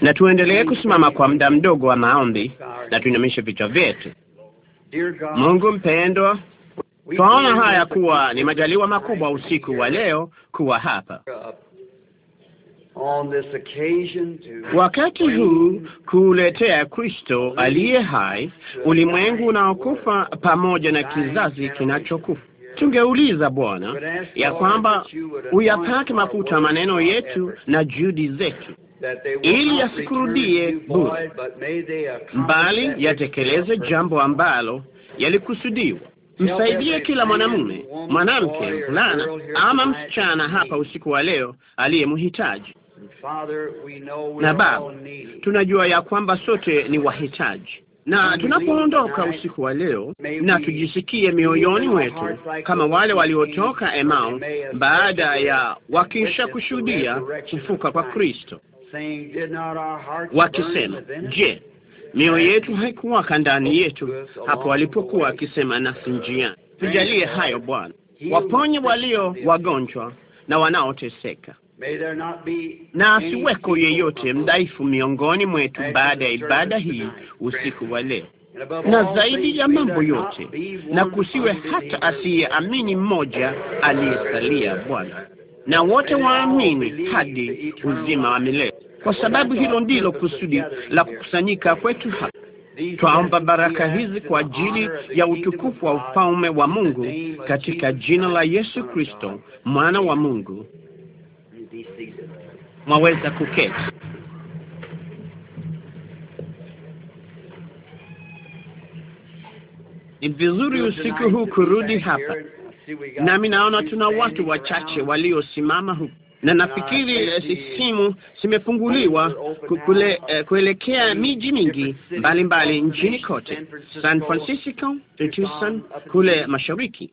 na tuendelee kusimama kwa muda mdogo wa maombi na tuinamishe vichwa vyetu. Mungu mpendwa, twaona haya kuwa ni majaliwa makubwa usiku wa leo kuwa hapa wakati huu kuletea Kristo aliye hai ulimwengu unaokufa pamoja na kizazi kinachokufa. Tungeuliza Bwana ya kwamba uyapake mafuta maneno yetu na juhudi zetu, ili yasikurudie bure, mbali yatekeleze jambo ambalo yalikusudiwa. Msaidie kila mwanamume, mwanamke, mvulana ama msichana hapa usiku wa leo aliyemhitaji. Na Baba, tunajua ya kwamba sote ni wahitaji na tunapoondoka usiku wa leo, na tujisikie mioyoni wetu kama wale waliotoka Emau baada ya wakisha kushuhudia kufuka kwa Kristo, wakisema, je, mioyo yetu haikuwaka ndani yetu hapo walipokuwa wakisema nasi njiani? Tujalie hayo Bwana, waponye walio wagonjwa na wanaoteseka na asiweko yeyote mdhaifu miongoni mwetu baada ya ibada hii usiku wa leo, na zaidi ya mambo yote, na kusiwe hata asiyeamini mmoja aliyesalia, Bwana, na wote waamini hadi uzima wa milele, kwa sababu hilo ndilo kusudi la kukusanyika kwetu hapa. Twaomba baraka hizi kwa ajili ya utukufu wa ufalme wa Mungu katika jina la Yesu Kristo, mwana wa Mungu mwaweza kuketi. Ni vizuri usiku huu kurudi hapa, nami naona tuna watu wachache waliosimama huku na nafikiri eh, simu zimefunguliwa kule eh, kuelekea miji mingi mbalimbali nchini kote, San Francisco, Tucson kule mashariki,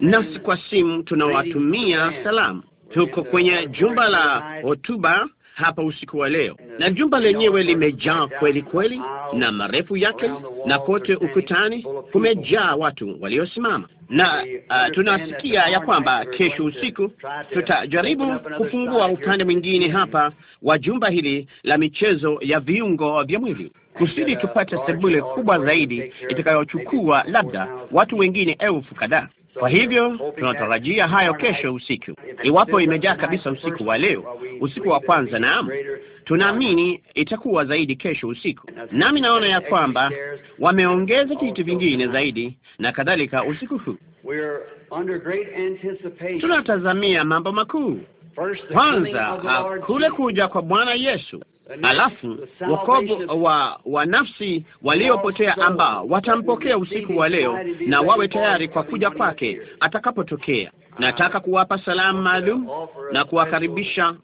nasi kwa simu tunawatumia salamu Tuko kwenye jumba la hotuba hapa usiku wa leo, na jumba lenyewe limejaa kweli kweli, na marefu yake na kote ukutani kumejaa watu waliosimama, na uh, tunasikia ya kwamba kesho usiku tutajaribu kufungua upande mwingine hapa wa jumba hili la michezo ya viungo vya mwili kusudi tupate sebule kubwa zaidi itakayochukua labda watu wengine elfu kadhaa. Kwa hivyo tunatarajia hayo kesho usiku, iwapo imejaa kabisa usiku wa leo, usiku wa kwanza. Naam, tunaamini itakuwa zaidi kesho usiku, nami naona ya kwamba wameongeza vitu vingine zaidi na kadhalika. Usiku huu tunatazamia mambo makuu. Kwanza kule kuja kwa Bwana Yesu alafu wokovu wa wa nafsi waliopotea ambao watampokea usiku wa leo, na wawe tayari kwa kuja kwake atakapotokea. Nataka kuwapa salamu maalum na kuwakaribisha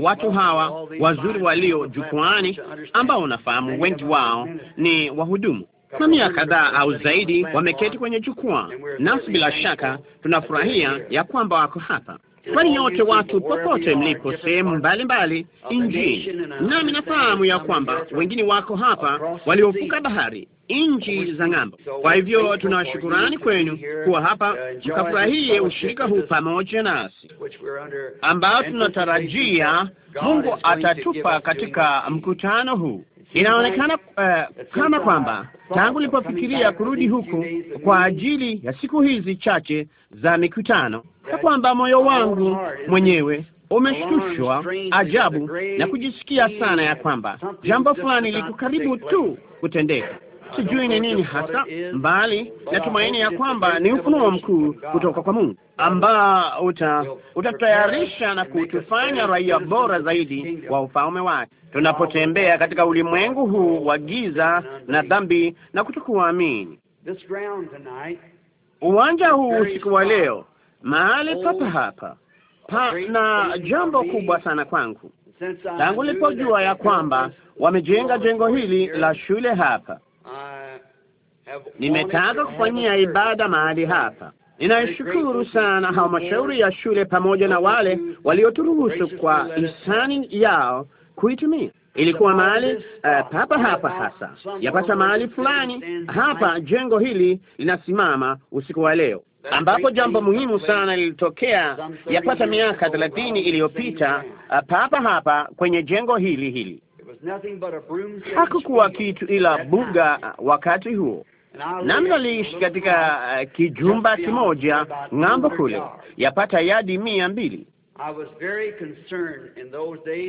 watu hawa wazuri walio jukwaani, ambao unafahamu wengi wao ni wahudumu mamia kadhaa au zaidi wameketi kwenye jukwaa, nasi bila shaka tunafurahia ya kwamba wako hapa kwa nyote watu popote mlipo sehemu mbalimbali nchini, nami nafahamu ya kwamba wengine wako hapa waliovuka bahari nchi za ng'ambo. Kwa hivyo tunashukurani kwenu kuwa hapa mkafurahie ushirika huu pamoja nasi ambao tunatarajia Mungu atatupa katika mkutano huu. Inaonekana uh, kama kwamba tangu nilipofikiria kurudi huku kwa ajili ya siku hizi chache za mikutano, na kwamba moyo wangu mwenyewe umeshtushwa ajabu na kujisikia sana ya kwamba jambo fulani liko karibu tu kutendeka sijui ni nini hasa, mbali natumaini ya kwamba ni ufunuo mkuu kutoka kwa Mungu ambao uta utatayarisha na kutufanya raia bora zaidi wa ufalme wake, tunapotembea katika ulimwengu huu wa giza na dhambi na kutokuamini. Uwanja huu usiku wa leo, mahali papa hapa pana jambo kubwa sana kwangu tangu nilipojua ya kwamba wamejenga jengo hili la shule hapa nimetaka kufanyia ibada mahali hapa. Ninashukuru sana halmashauri ya shule pamoja na wale walioturuhusu kwa hisani yao kuitumia. Ilikuwa mahali uh, papa hapa hasa, yapata mahali fulani hapa, jengo hili linasimama usiku wa leo, ambapo jambo muhimu sana lilitokea yapata miaka thelathini iliyopita, uh, papa hapa kwenye jengo hili hili. Hakukuwa kitu ila buga wakati huo nami naliishi katika uh, kijumba kimoja ng'ambo kule, yapata yadi mia mbili.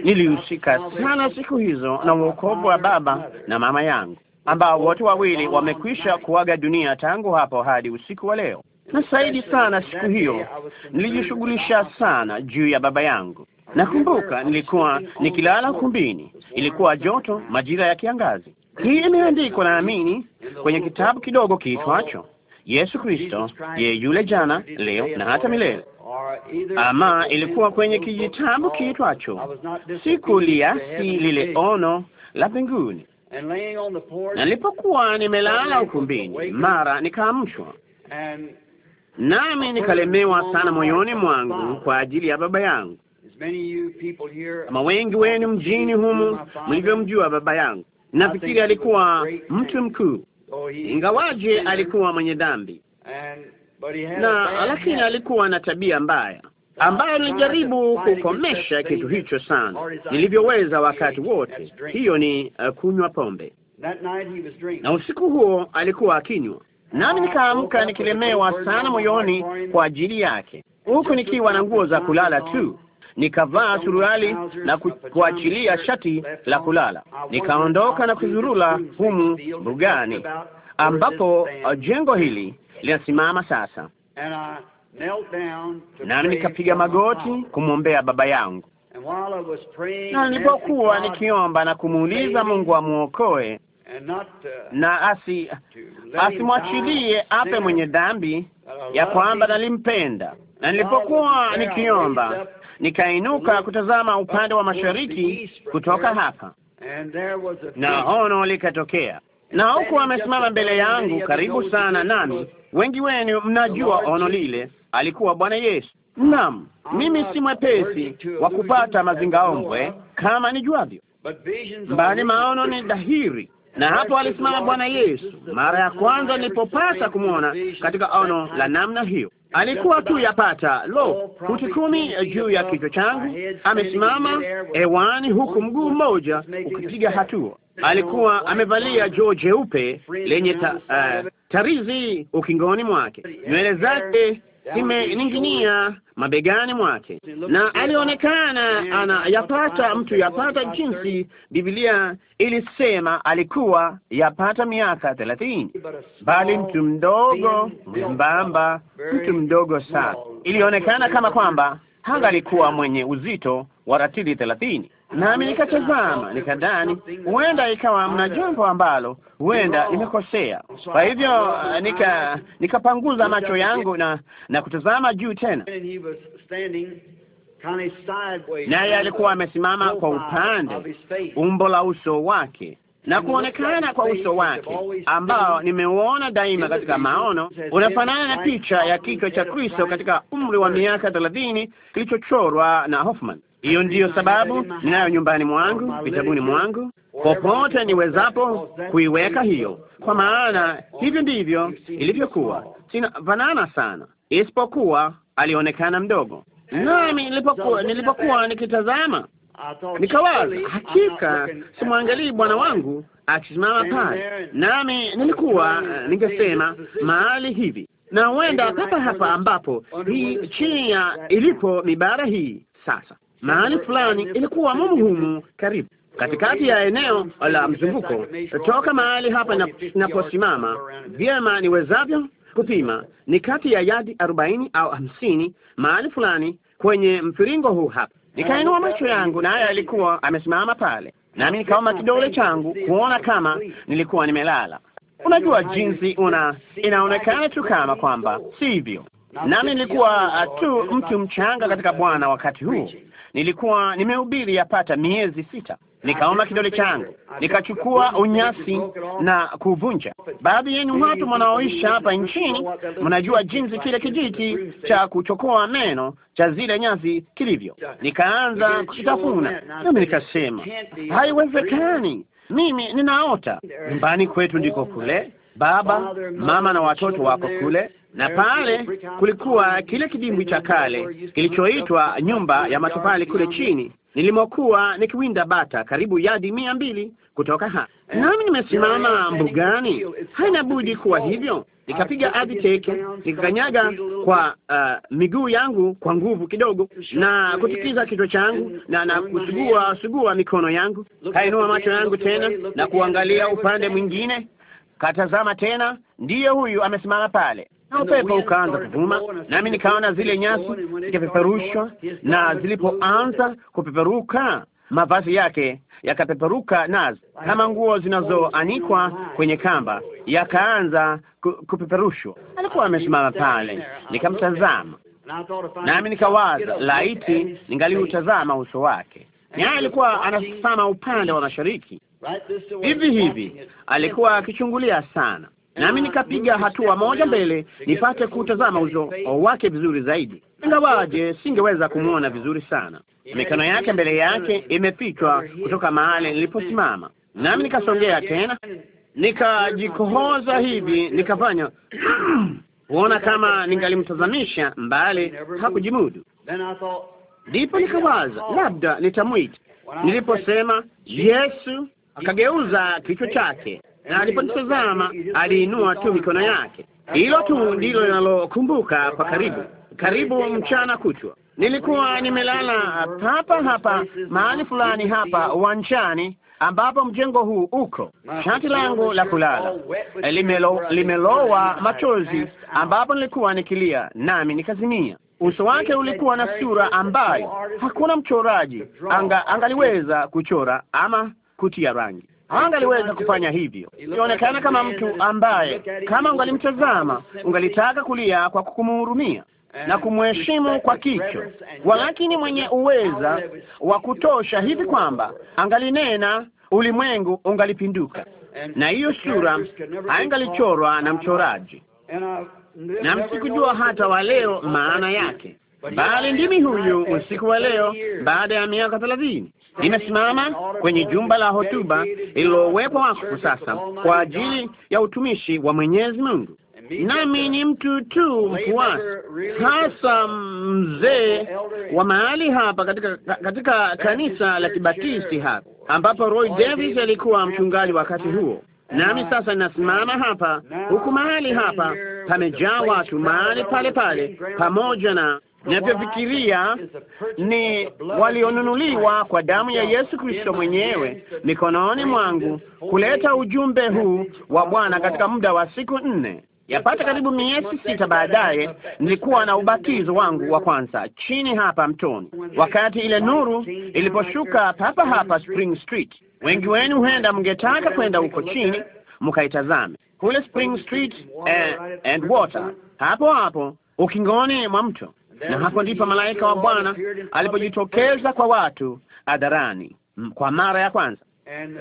Nilihusika sana siku hizo na uokovu wa baba na mama yangu ambao wote wawili wamekwisha kuaga dunia tangu hapo hadi usiku wa leo. Na zaidi sana siku hiyo nilijishughulisha sana juu ya baba yangu. Nakumbuka nilikuwa nikilala ukumbini, ilikuwa joto, majira ya kiangazi. Hii imeandikwa naamini, kwenye kitabu kidogo kiitwacho Yesu Kristo ye yule jana, leo na hata milele. Ama ilikuwa kwenye kijitabu kiitwacho sikuliasi lile ono la mbinguni. Nilipokuwa nimelala ukumbini, mara nikaamshwa, nami nikalemewa sana moyoni mwangu kwa ajili ya baba yangu, kama wengi wenu mjini humu mlivyomjua baba yangu Nafikiri alikuwa mtu mkuu, oh, ingawaje alikuwa mwenye dhambi na lakini alikuwa na tabia mbaya ambayo nilijaribu kukomesha kitu hicho sana nilivyoweza wakati wote. Hiyo ni uh, kunywa pombe, na usiku huo alikuwa akinywa, nami ah, nikaamka nikilemewa sana moyoni kwa ajili yake, huku nikiwa na nguo za kulala tu, nikavaa suruali na kuachilia shati la kulala, nikaondoka na kuzurula humu mbugani ambapo uh, jengo hili linasimama sasa, nami nikapiga magoti kumwombea baba yangu, na nilipokuwa nikiomba na kumuuliza Mungu amwokoe na asi asimwachilie ape mwenye dhambi ya kwamba nalimpenda, na nilipokuwa nikiomba nikainuka kutazama upande wa mashariki kutoka hapa, na ono likatokea, na huku amesimama mbele yangu karibu sana nami. Wengi wenu mnajua ono lile, alikuwa Bwana Yesu. Naam, mimi si mwepesi wa kupata mazingaombwe kama nijuavyo, mbali maono ni dhahiri na hapo alisimama Bwana Yesu mara ya kwanza nilipopata kumwona katika ono la namna hiyo alikuwa tu yapata lo futi kumi juu ya kichwa changu, amesimama hewani, huku mguu mmoja ukipiga hatua. Alikuwa amevalia joo jeupe lenye ta, uh, tarizi ukingoni mwake, nywele zake imening'inia mabegani mwake, na alionekana anayapata mtu yapata jinsi Biblia ilisema alikuwa yapata miaka thelathini, bali mtu mdogo mbamba, mtu mdogo sana. Ilionekana kama kwamba hanga alikuwa mwenye uzito wa ratili thelathini nami nikatazama, nikadhani huenda ikawa mna jambo ambalo huenda nimekosea. Kwa hivyo uh, nika nikapanguza macho yangu na na kutazama juu tena, naye alikuwa amesimama kwa upande, umbo la uso wake na kuonekana kwa uso wake ambao nimeuona daima katika maono unafanana na picha ya kichwa cha Kristo katika umri wa miaka thelathini kilichochorwa na Hoffman. Hiyo ndiyo sababu ninayo nyumbani mwangu, vitabuni mwangu, popote niwezapo kuiweka hiyo, kwa maana hivyo ndivyo ilivyokuwa. Sina vanana sana, isipokuwa alionekana mdogo, nami nilipokuwa nilipokuwa nikitazama nikawaza, hakika simwangalii bwana wangu akisimama pale, nami nilikuwa eh, ningesema mahali hivi na huenda papa hapa ambapo hii chini ya ilipo mibara hii sasa mahali fulani, ilikuwa mumuhumu karibu katikati ya eneo la mzunguko toka mahali hapa inaposimama vyema niwezavyo kupima, ni kati ya yadi arobaini au hamsini mahali fulani kwenye mfiringo huu hapa. Nikainua macho yangu, naye alikuwa amesimama pale, nami nikaoma kidole changu kuona kama nilikuwa nimelala. Unajua jinsi una inaonekana tu kama kwamba sivyo, nami nilikuwa tu mtu mchanga katika Bwana wakati huu Nilikuwa nimehubiri yapata miezi sita, nikaona kidole changu, nikachukua unyasi na kuvunja. Baadhi yenu watu mnaoisha hapa nchini mnajua jinsi kile kijiti cha kuchokoa meno cha zile nyasi kilivyo. Nikaanza kukitafuna, nami nikasema, haiwezekani, mimi ninaota. Nyumbani kwetu ndiko kule, baba mama na watoto wako kule na pale kulikuwa kile kidimbwi cha kale kilichoitwa nyumba ya matofali kule chini nilimokuwa nikiwinda bata karibu yadi mia mbili kutoka ha nami nimesimama mbugani. Haina budi kuwa hivyo. Nikapiga ardhi teke, nikakanyaga kwa uh, miguu yangu kwa nguvu kidogo, na kutikiza kichwa changu na na kusugua sugua mikono yangu, kainua macho yangu tena na kuangalia upande mwingine, katazama tena, ndiye huyu amesimama pale upepo ukaanza kuvuma, nami nikaona zile nyasi zikipeperushwa, na zilipoanza kupeperuka mavazi yake yakapeperuka nazo kama nguo zinazoanikwa kwenye kamba, yakaanza kupeperushwa. Alikuwa amesimama pale, nikamtazama nami nikawaza, laiti ningaliutazama uso wake. Naye alikuwa anasimama upande wa mashariki hivi hivi, alikuwa akichungulia sana nami nikapiga hatua moja mbele nipate kutazama uso wake vizuri zaidi, ingawaje singeweza kumwona vizuri sana. Mikono yake mbele yake imefichwa kutoka mahali niliposimama, nami nikasongea tena, nikajikohoza hivi, nikafanya kuona kama ningalimtazamisha mbali, hakujimudu. Ndipo nikawaza labda nitamwita. Niliposema Yesu, akageuza kichwa chake na alipotazama aliinua tu mikono yake. Hilo tu ndilo linalokumbuka kwa karibu karibu mchana kuchwa Nilikuwa nimelala papa hapa mahali fulani hapa uwanjani ambapo mjengo huu uko. Shati langu la kulala limelo, limelowa machozi, ambapo nilikuwa nikilia nami nikazimia. Uso wake ulikuwa na sura ambayo hakuna mchoraji anga- angaliweza kuchora ama kutia rangi angaliweza kufanya hivyo. Ionekana kama mtu ambaye kama ungalimtazama ungalitaka kulia kwa kumhurumia na kumheshimu kwa kicho, lakini mwenye uweza wa kutosha hivi kwamba angalinena, ulimwengu ungalipinduka, na hiyo sura haingalichorwa na mchoraji, na msikujua hata wa leo maana yake, bali ndimi huyu usiku wa leo baada ya miaka thelathini. Nimesimama kwenye jumba la hotuba lililowekwa wakfu sasa kwa ajili ya utumishi wa Mwenyezi Mungu, nami ni mtu tu mfuasi, hasa mzee wa mahali hapa katika katika kanisa la Kibatisti hapa ambapo Roy Davis alikuwa mchungaji wakati huo. Nami sasa ninasimama hapa, huku mahali hapa pamejaa watu mahali pale pale, pamoja na Ninavyofikiria ni walionunuliwa kwa damu ya Yesu Kristo mwenyewe mikononi mwangu kuleta ujumbe huu wa Bwana katika muda wa siku nne. Yapata karibu miezi sita baadaye, nilikuwa na ubatizo wangu wa kwanza chini hapa mtoni, wakati ile nuru iliposhuka papa hapa Spring Street. Wengi wenu huenda mngetaka kwenda huko chini mkaitazame kule Spring Street and, eh, and water, hapo hapo ukingoni mwa mto na hapo ndipo malaika wa Bwana alipojitokeza kwa watu hadharani kwa mara ya kwanza,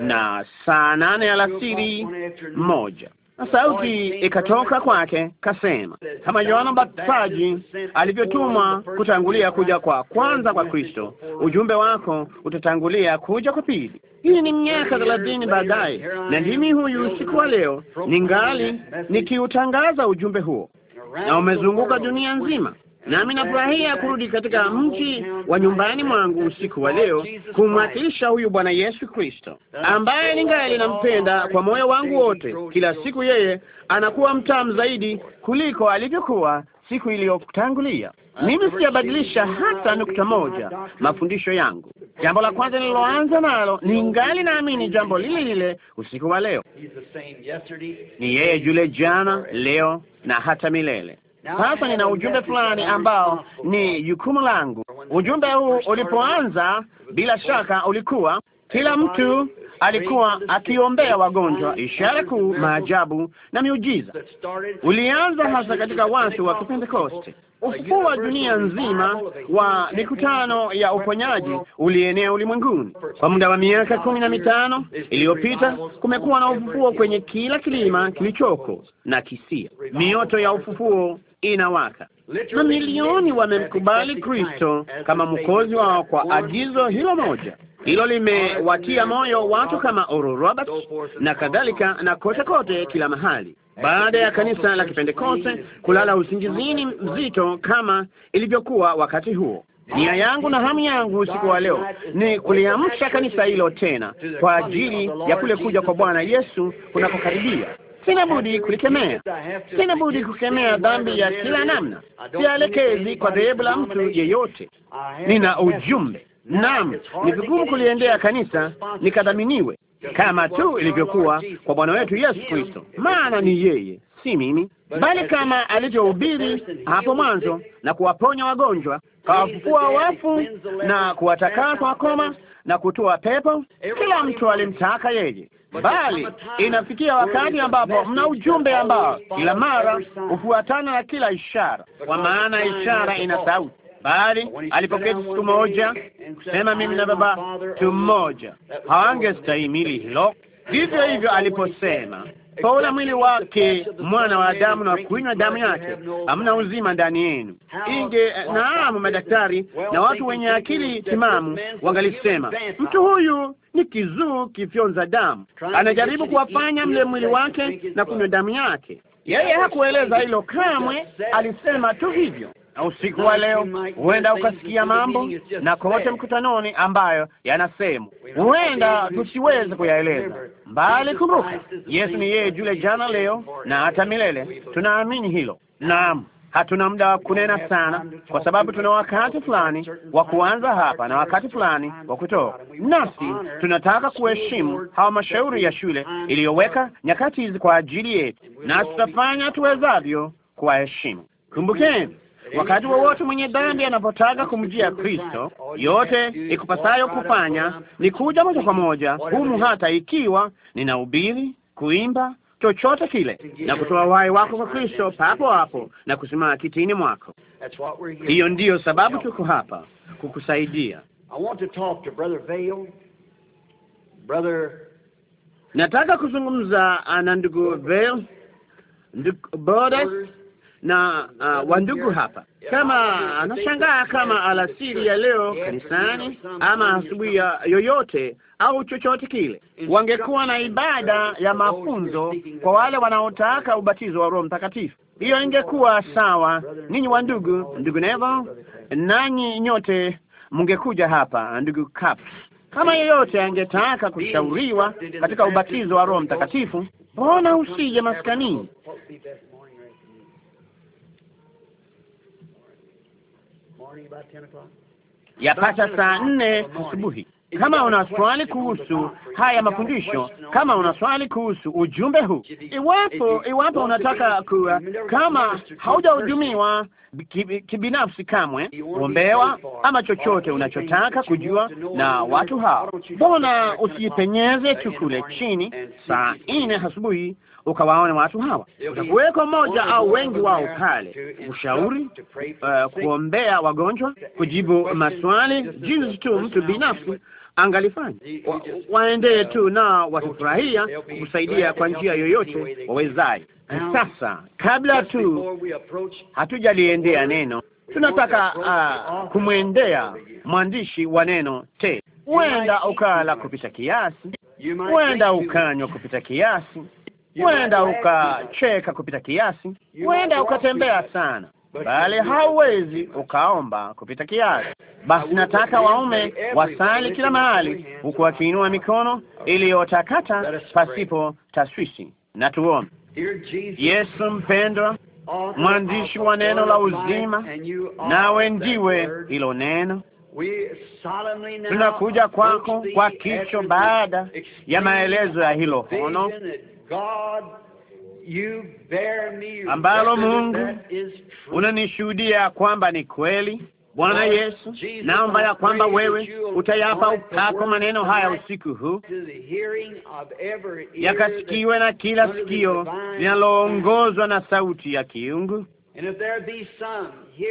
na saa nane alasiri moja na sauti ikatoka kwake kasema, kama Yohana Mbatizaji alivyotumwa kutangulia kuja kwa kwanza kwa Kristo, ujumbe wako utatangulia kuja kwa pili. Hii ni miaka thelathini baadaye, na ndimi huyu usiku wa leo ningali nikiutangaza ujumbe huo, na umezunguka dunia nzima nami nafurahia kurudi katika mji wa nyumbani mwangu usiku wa leo kumwakilisha huyu Bwana Yesu Kristo ambaye ningali nampenda kwa moyo wangu wote. Kila siku yeye anakuwa mtamu zaidi kuliko alivyokuwa siku iliyotangulia. Mimi sijabadilisha hata nukta moja mafundisho yangu. Jambo la kwanza nililoanza nalo, ningali naamini jambo lile lile usiku wa leo, ni yeye yule jana, leo na hata milele. Sasa nina ujumbe fulani ambao ni jukumu langu. Ujumbe huu ulipoanza, bila shaka ulikuwa kila mtu alikuwa akiombea wagonjwa, ishara kuu, maajabu na miujiza. Ulianza hasa katika watu wa Kipentekoste. Ufufuo wa dunia nzima wa mikutano ya uponyaji ulienea ulimwenguni. Kwa muda wa miaka kumi na mitano iliyopita, kumekuwa na ufufuo kwenye kila kilima kilichoko na kisia. Mioto ya ufufuo inawaka. Mamilioni wamemkubali Kristo kama mwokozi wao kwa agizo hilo moja. Hilo limewatia moyo watu kama Oral Roberts na kadhalika, na kote kote, kila mahali. Baada ya kanisa la Kipentekoste kulala usingizini mzito kama ilivyokuwa wakati huo, nia yangu na hamu yangu usiku wa leo ni kuliamsha kanisa hilo tena kwa ajili ya kule kuja kwa Bwana Yesu kunakokaribia sina budi kulikemea, sina budi kukemea dhambi ya kila namna. Sielekezi kwa dhehebu la mtu yeyote. Nina ujumbe. Naam, ni vigumu kuliendea kanisa nikadhaminiwe, kama tu ilivyokuwa kwa Bwana wetu Yesu Kristo, maana ni yeye, si mimi, bali kama alivyohubiri hapo mwanzo na kuwaponya wagonjwa, kawafufua wafu na kuwatakasa wakoma na kutoa pepo. Kila mtu alimtaka yeye, bali inafikia wakati ambapo mna ujumbe ambao kila mara hufuatana na kila ishara, kwa maana ishara ina sauti. Bali alipoketi siku moja kusema mimi na Baba tu mmoja, hawangestahimili hilo. Vivyo hivyo aliposema paula mwili wake mwana wa Adamu na kuinywa damu yake, hamna uzima ndani yenu. Inge naamu, madaktari na watu wenye akili timamu wangalisema mtu huyu ni kizuu, kifyonza damu, anajaribu kuwafanya mle mwili wake na kunywa damu yake. Yeye hakueleza hilo kamwe, alisema tu hivyo na usiku wa leo huenda ukasikia mambo na kote mkutanoni ambayo yanasemwa, huenda tusiweze kuyaeleza mbali. Kumbuka, Yesu ni yeye jule jana, leo na hata milele. Tunaamini hilo. Naam, hatuna muda wa kunena sana, kwa sababu tuna wakati fulani wa kuanza hapa na wakati fulani wa kutoka, nasi tunataka kuheshimu hawa mashauri ya shule iliyoweka nyakati hizi kwa ajili yetu, na tutafanya tuwezavyo kuwaheshimu. Kumbukeni, Wakati wowote mwenye dhambi anapotaka kumjia Kristo, yote ikupasayo kufanya ni kuja moja kwa moja humu, hata ikiwa ninahubiri, kuimba chochote kile na kutoa uhai wako kwa Kristo papo hapo na kusimama kitini mwako. Hiyo ndiyo sababu tuko hapa kukusaidia. Nataka kuzungumza ah, na ndugu Vale, ndugu Boda na uh, wandugu hapa, kama anashangaa kama alasiri ya leo kanisani ama asubuhi ya yoyote au chochote kile, wangekuwa na ibada ya mafunzo kwa wale wanaotaka ubatizo wa Roho Mtakatifu. Hiyo ingekuwa sawa. Ninyi wandugu, ndugu Nevo, nanyi nyote mngekuja hapa, ndugu Cap, kama yeyote angetaka kushauriwa katika ubatizo wa Roho Mtakatifu, mbona usije maskanini? yapata saa nne asubuhi. Kama una swali kuhusu haya mafundisho, kama una swali kuhusu ujumbe huu, iwapo iwapo unataka kuwa, kama haujahudumiwa kibinafsi kamwe, ombewa ama chochote unachotaka kujua na watu hao, mbona usipenyeze tu uh, kule chini saa nne asubuhi ukawaone watu hawa, utakuweko mmoja au wengi wao pale, ushauri, uh, kuombea wagonjwa, kujibu maswali, jinsi tu mtu binafsi angalifanya wa, waendee uh, tu na watafurahia kusaidia kwa njia yoyote wawezaye. Sasa kabla tu hatujaliendea neno, tunataka uh, kumwendea mwandishi wa neno te. Huenda ukala kupita kiasi, huenda ukanywa kupita kiasi huenda ukacheka kupita kiasi, huenda ukatembea sana, bali hauwezi ukaomba kupita kiasi. Basi nataka waume wasali kila mahali, huku wakiinua mikono iliyotakata pasipo taswishi. Na tuombe. Yesu mpendwa, mwandishi wa neno la uzima, nawe ndiwe hilo neno. Tunakuja kwako kwa kicho baada ya maelezo ya hilo hono ambalo Mungu unanishuhudia kwamba ni kweli. Bwana Yesu, naomba ya kwamba wewe utayapa upako maneno haya usiku huu, yakasikiwe na kila sikio linaloongozwa na sauti ya kiungu.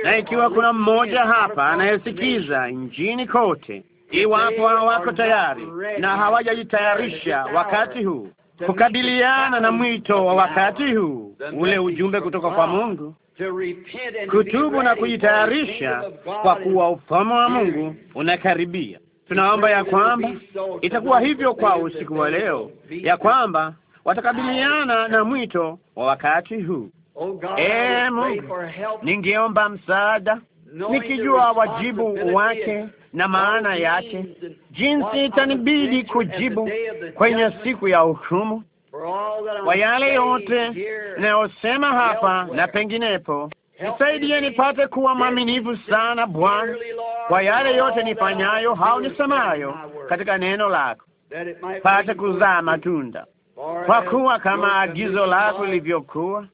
Na ikiwa kuna mmoja hapa anayesikiza nchini kote, iwapo hawako tayari na hawajajitayarisha wakati huu kukabiliana na mwito wa wakati huu, ule ujumbe kutoka kwa Mungu, kutubu na kujitayarisha kwa kuwa ufalme wa Mungu unakaribia. Tunaomba ya kwamba itakuwa hivyo kwa usiku wa leo, ya kwamba watakabiliana na mwito wa wakati huu. Oh ee Mungu, ningeomba msaada nikijua wajibu wake na maana yake, jinsi itanibidi kujibu kwenye siku ya hukumu kwa yale yote inayosema hapa na penginepo. Nisaidie nipate kuwa mwaminifu sana Bwana, kwa yale yote nifanyayo au nisemayo katika neno lako, pate kuzaa matunda, kwa kuwa kama agizo lako lilivyokuwa,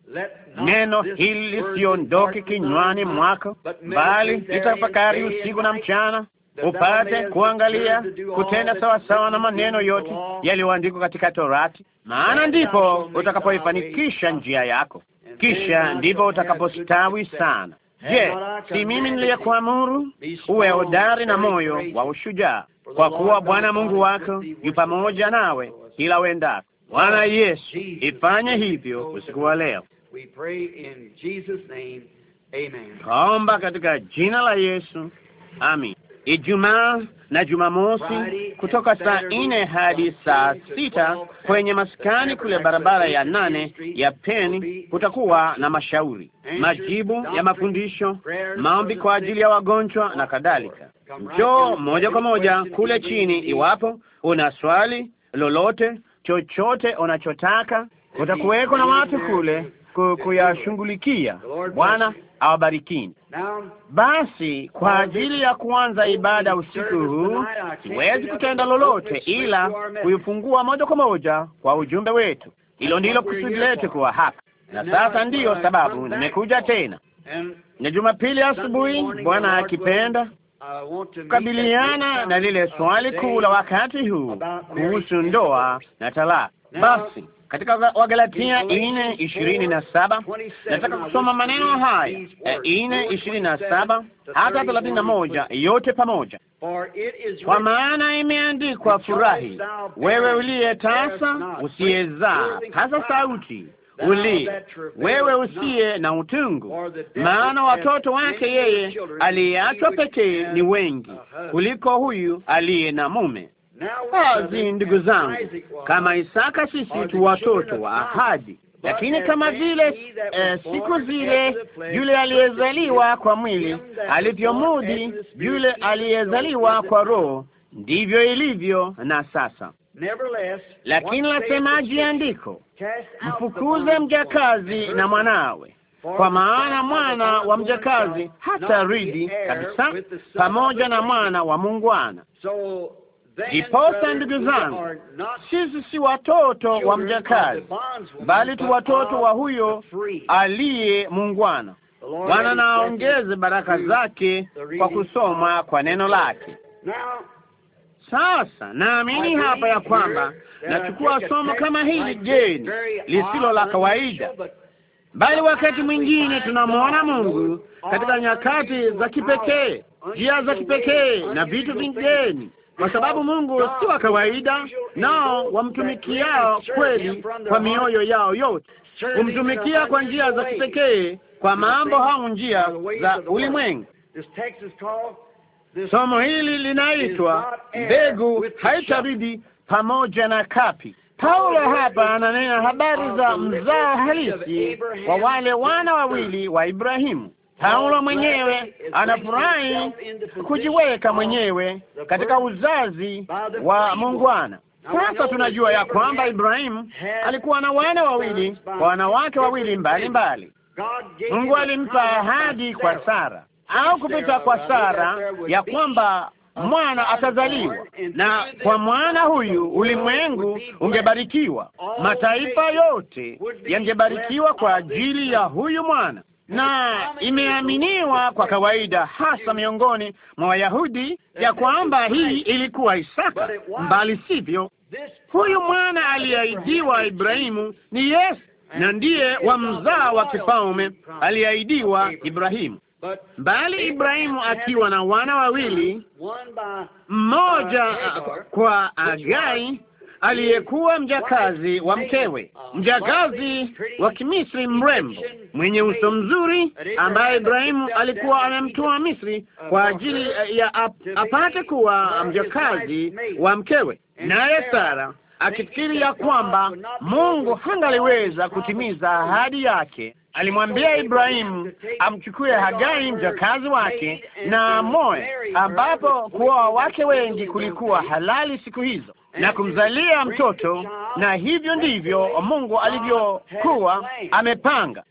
neno hili lisiondoke kinywani mwako, bali litafakari usiku na mchana upate kuangalia kutenda sawasawa na maneno yote yaliyoandikwa katika Torati, maana ndipo utakapoifanikisha njia yako, kisha ndipo utakapostawi sana. Je, si mimi niliyekuamuru uwe hodari na moyo wa ushujaa, kwa kuwa Bwana Mungu wako yu pamoja nawe kila uendako. Bwana Yesu, ifanye hivyo usiku wa leo. Kaomba katika jina la Yesu, amin. Ijumaa na Jumamosi kutoka saa nne hadi saa sita kwenye maskani kule barabara ya nane ya Peni. Kutakuwa na mashauri, majibu ya mafundisho, maombi kwa ajili ya wagonjwa na kadhalika. Njoo moja kwa moja kule chini iwapo una swali lolote, chochote unachotaka. Kutakuweko na watu kule kuyashughulikia. Bwana awabarikini. Basi kwa ajili ya kuanza ibada usiku huu, siwezi kutenda lolote ila kuifungua moja kwa moja kwa ujumbe wetu. Hilo ndilo kusudi letu kuwa hapa, na sasa ndiyo sababu nimekuja tena, na Jumapili asubuhi, Bwana akipenda, kukabiliana na lile swali kuu la wakati huu kuhusu ndoa na talaka. Basi katika Wagalatia nne ishirini na saba nataka kusoma maneno haya eh, nne ishirini na saba hata thelathini na moja yote pamoja. Kwa maana imeandikwa, furahi wewe uliye tasa usiyezaa, hasa sauti uli wewe usiye na utungu, maana watoto wake yeye aliyeachwa pekee ni wengi kuliko huyu aliye na mume kazi, ah, ndugu zangu. Kama Isaka, sisi tu watoto wa ahadi, lakini kama vile eh, siku zile yule aliyezaliwa kwa mwili alivyomudi yule aliyezaliwa kwa roho, ndivyo ilivyo na sasa. Lakini lasemaje andiko? Mfukuze mjakazi na mwanawe kwa maana mwana wa mjakazi hata ridi kabisa pamoja na mwana wa muungwana. Ndiposa ndugu zangu, sisi si watoto wa mjakazi, bali tu watoto wa huyo aliye muungwana. Bwana naongeze baraka zake kwa kusoma kwa neno lake. Sasa naamini hapa ya kwamba nachukua somo kama hili jeni lisilo la kawaida, bali wakati mwingine tunamwona Mungu katika nyakati za kipekee, njia za kipekee na vitu vingeni kwa sababu Mungu si wa kawaida, nao wamtumikiao kweli kwa mioyo yao yote, humtumikia kwa njia za kipekee, kwa mambo au njia za ulimwengu. Somo hili linaitwa mbegu haitabidi pamoja na kapi. Paulo hapa ananena habari za mzao halisi wa wale wana wawili wa Ibrahimu. Paulo mwenyewe anafurahi kujiweka mwenyewe katika uzazi wa mungwana Sasa tunajua ya kwamba Ibrahimu alikuwa na wana wawili kwa wanawake wawili mbalimbali. Mungu alimpa ahadi kwa Sara au kupita kwa Sara ya kwamba mwana atazaliwa, na kwa mwana huyu ulimwengu ungebarikiwa, mataifa yote yangebarikiwa kwa ajili ya huyu mwana na imeaminiwa kwa kawaida hasa miongoni mwa Wayahudi ya kwamba hii ilikuwa Isaka, mbali sivyo. Huyu mwana aliyeahidiwa Ibrahimu ni Yesu, na ndiye wa mzao wa kifalme aliyeahidiwa Ibrahimu. Bali Ibrahimu akiwa na wana wawili, mmoja kwa Agai aliyekuwa mjakazi wa mkewe, mjakazi wa Kimisri mrembo mwenye uso mzuri, ambaye Ibrahimu alikuwa amemtoa Misri kwa ajili ya ap apate kuwa mjakazi wa mkewe, naye Sara akifikiri ya kwamba Mungu hangaliweza kutimiza ahadi yake, alimwambia Ibrahimu amchukue Hagari mjakazi wake na moe, ambapo kuoa wake wengi kulikuwa halali siku hizo na kumzalia mtoto, na hivyo ndivyo Mungu alivyokuwa amepanga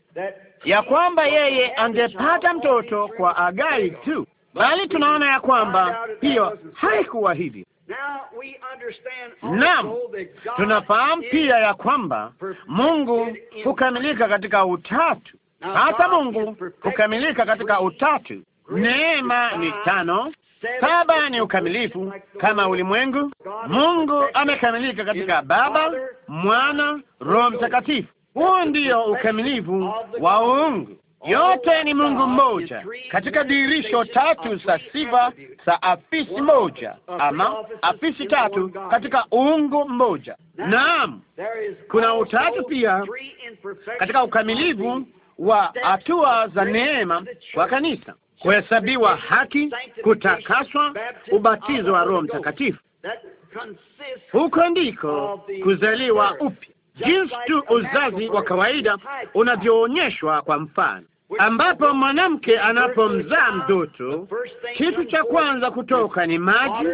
ya kwamba yeye angepata mtoto kwa agai tu, bali tunaona ya kwamba hiyo haikuwa hivyo. Naam, tunafahamu pia ya kwamba Mungu hukamilika katika utatu. Hata Mungu hukamilika katika utatu. Neema ni tano, Saba ni ukamilifu kama ulimwengu. Mungu amekamilika katika Baba, Mwana, Roho Mtakatifu. Huo ndio ukamilifu wa uungu. Yote ni Mungu mmoja katika dirisho tatu za sifa za afisi moja, ama afisi tatu katika uungu mmoja. Naam, kuna utatu pia katika ukamilifu wa hatua za neema wa kanisa kuhesabiwa haki, kutakaswa, ubatizo wa Roho Mtakatifu. Huko ndiko kuzaliwa upya, jinsi tu uzazi wa kawaida unavyoonyeshwa kwa mfano, ambapo mwanamke anapomzaa mtoto, kitu cha kwanza kutoka ni maji,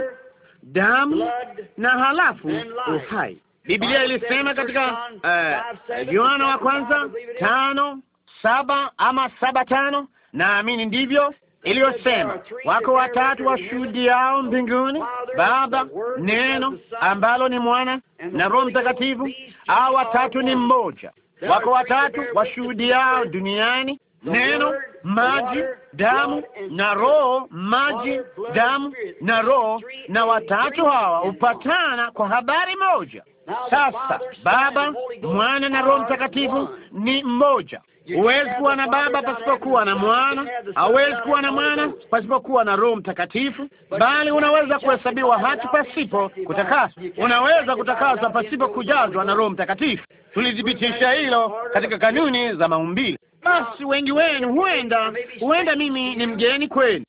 damu na halafu uhai. Biblia ilisema katika eh, Yohana uh, wa kwanza tano saba ama saba tano naamini ndivyo iliyosema, wako watatu washuhudiao mbinguni, Baba, neno ambalo ni mwana na Roho Mtakatifu, au watatu ni mmoja. Wako watatu washuhudiao duniani, neno, maji, damu na roho, maji, damu na roho, na watatu hawa hupatana kwa habari moja. Sasa Baba, Mwana na Roho Mtakatifu ni mmoja. Huwezi kuwa na Baba pasipokuwa na Mwana, hauwezi kuwa na Mwana pasipokuwa na Roho Mtakatifu, bali unaweza kuhesabiwa haki pasipo kutakasa, unaweza kutakasa pasipo kujazwa na Roho Mtakatifu. Tulithibitisha hilo katika kanuni za maumbile. Basi wengi wenu huenda, huenda mimi ni mgeni kwenu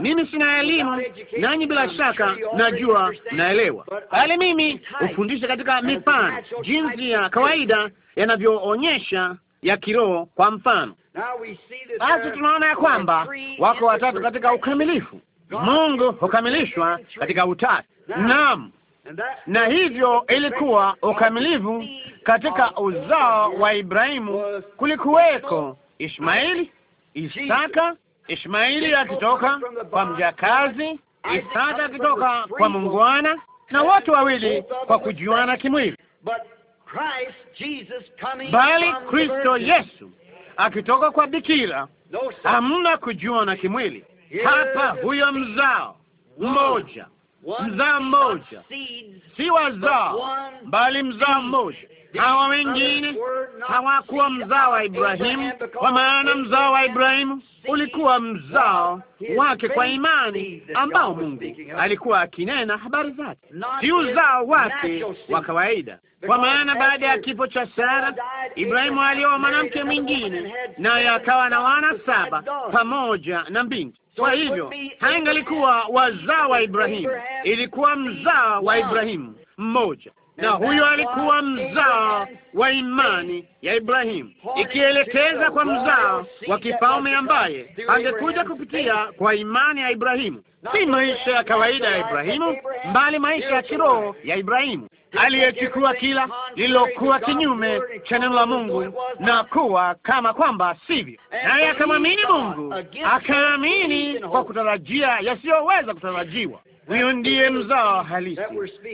mimi sina elimu nanyi, bila shaka najua mnaelewa, bali mimi hufundisha katika mifano, jinsi ya kawaida yanavyoonyesha ya kiroho kwa mfano. Basi tunaona ya kwamba wako watatu katika ukamilifu. Mungu hukamilishwa katika utatu. Naam, na hivyo ilikuwa ukamilifu katika uzao wa Ibrahimu. Kulikuweko Ishmaeli, Isaka, Ishmaeli akitoka kwa mjakazi, Isaka akitoka kwa mungwana, na wote wawili kwa kujuana kimwili bali Kristo Yesu akitoka kwa bikira, hamna kujua na kimwili hapa. Huyo mzao mmoja, mzao mmoja, si wazao, bali mzao mmoja hawa wengine hawakuwa mzao wa Ibrahimu, kwa maana mzao wa Ibrahimu ulikuwa mzao wake kwa imani, ambao Mungu alikuwa akinena habari zake, si uzao wake wa kawaida. Kwa maana baada ya kifo cha Sara, Ibrahimu alioa mwanamke mwingine, naye akawa na wana saba pamoja na binti. kwa hivyo haingalikuwa wazao wa Ibrahimu, ilikuwa mzao wa Ibrahimu mmoja na huyo alikuwa mzao wa imani ya Ibrahimu, ikielekeza kwa mzao wa kifalme ambaye angekuja kupitia kwa imani ya Ibrahimu, si maisha ya kawaida ya Ibrahimu, mbali maisha ya kiroho ya Ibrahimu, aliyechukua kila lililokuwa kinyume cha neno la Mungu na kuwa kama kwamba sivyo, naye akamwamini Mungu, akaamini kwa kutarajia yasiyoweza kutarajiwa. Huyo ndiye mzao halisi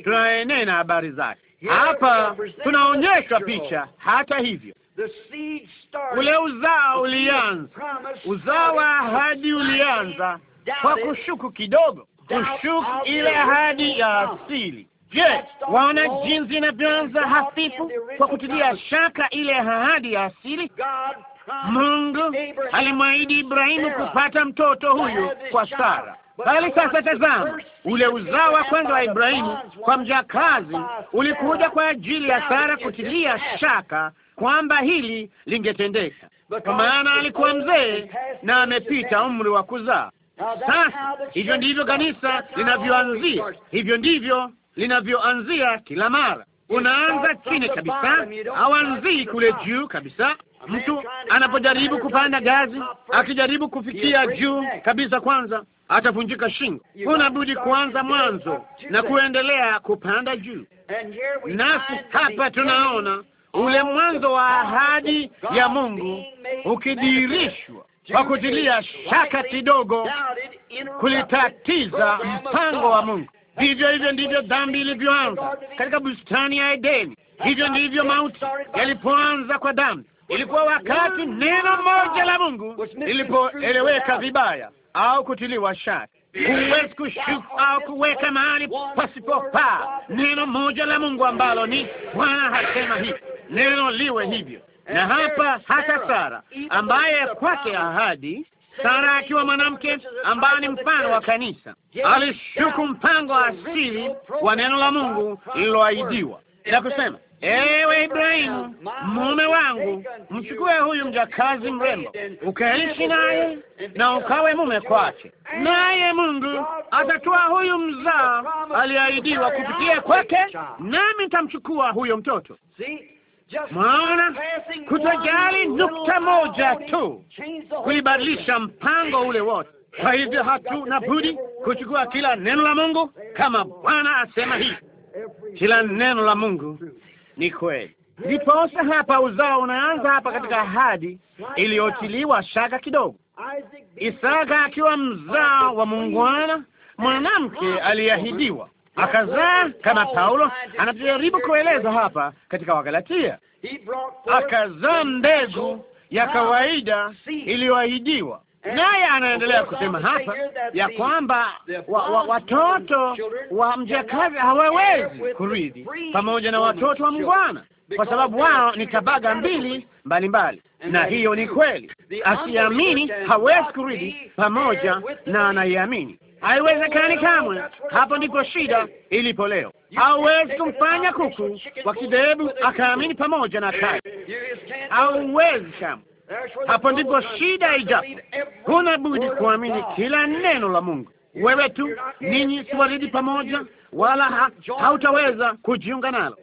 tunayenena habari zake. Hapa tunaonyeshwa picha. Hata hivyo, ule uzao ulianza, uzao wa ahadi ulianza kwa kushuku kidogo, kushuku ile ahadi ya asili. Je, waona jinsi inavyoanza hafifu kwa kutilia shaka ile ahadi ya asili? Mungu alimwahidi Ibrahimu kupata mtoto huyu kwa Sara. Bali sasa tazama, ule uzao wa kwanza wa Ibrahimu kwa mjakazi ulikuja kwa ajili ya Sara kutilia shaka kwamba hili lingetendeka, kwa maana alikuwa mzee na amepita umri wa kuzaa. Sasa hivyo ndivyo kanisa linavyoanzia, hivyo ndivyo linavyoanzia kila mara. Unaanza chini kabisa, hauanzii kule juu kabisa. Mtu anapojaribu kupanda ngazi, akijaribu kufikia juu kabisa, kwanza atavunjika shingo. Huna budi kuanza mwanzo na kuendelea kupanda juu. Nasi hapa tunaona ule mwanzo wa ahadi ya Mungu ukidirishwa kwa kutilia shaka kidogo, kulitatiza mpango wa Mungu. Vivyo hivyo ndivyo dhambi ilivyoanza katika bustani ya Edeni. Hivyo ndivyo mauti yalipoanza kwa dhambi. Ilikuwa wakati neno moja la Mungu lilipoeleweka vibaya au kutiliwa shaka, huwezi kushuka au kuweka mahali pasipopaa neno moja la Mungu ambalo ni Bwana hasema hivi, neno liwe hivyo. Na hapa hata Sara ambaye kwake ahadi Sara akiwa mwanamke ambaye ni mfano wa kanisa alishuku mpango asili wa neno la Mungu lililoahidiwa na kusema Ewe Ibrahimu, mume wangu, mchukue huyu mjakazi mrembo, ukaishi naye na ukawe mume kwake, naye Mungu atatoa huyu mzaa aliyeahidiwa kupitia kwake, nami nitamchukua huyo mtoto. Mwaona, kutojali nukta moja tu kulibadilisha mpango ule wote. Kwa hivyo hatu na budi kuchukua kila neno la Mungu kama Bwana asema hivi, kila neno la Mungu ni kweli. Ndiposa hapa uzao unaanza hapa katika ahadi iliyotiliwa shaka kidogo. Isaka akiwa mzao wa muungwana, mwanamke aliyeahidiwa akazaa, kama Paulo anajaribu kueleza hapa katika Wagalatia, akazaa mbegu ya kawaida iliyoahidiwa Naye anaendelea kusema hapa ya kwamba wa, wa, watoto wa mjakazi hawawezi kurithi pamoja na watoto wa mgwana, kwa sababu wao ni tabaga mbili mbalimbali mbali. Na hiyo ni kweli, asiamini hawezi kurithi pamoja na anaiamini. Haiwezekani kamwe. Hapo ndipo shida ilipo leo. Hauwezi kumfanya kuku wa kidhehebu akaamini pamoja na kai, hauwezi kamwe. Hapo ndipo shida ijapo. Huna budi kuamini kila neno la Mungu. Wewe tu, ninyi siwaridi pamoja, wala ha, hautaweza kujiunga nalo.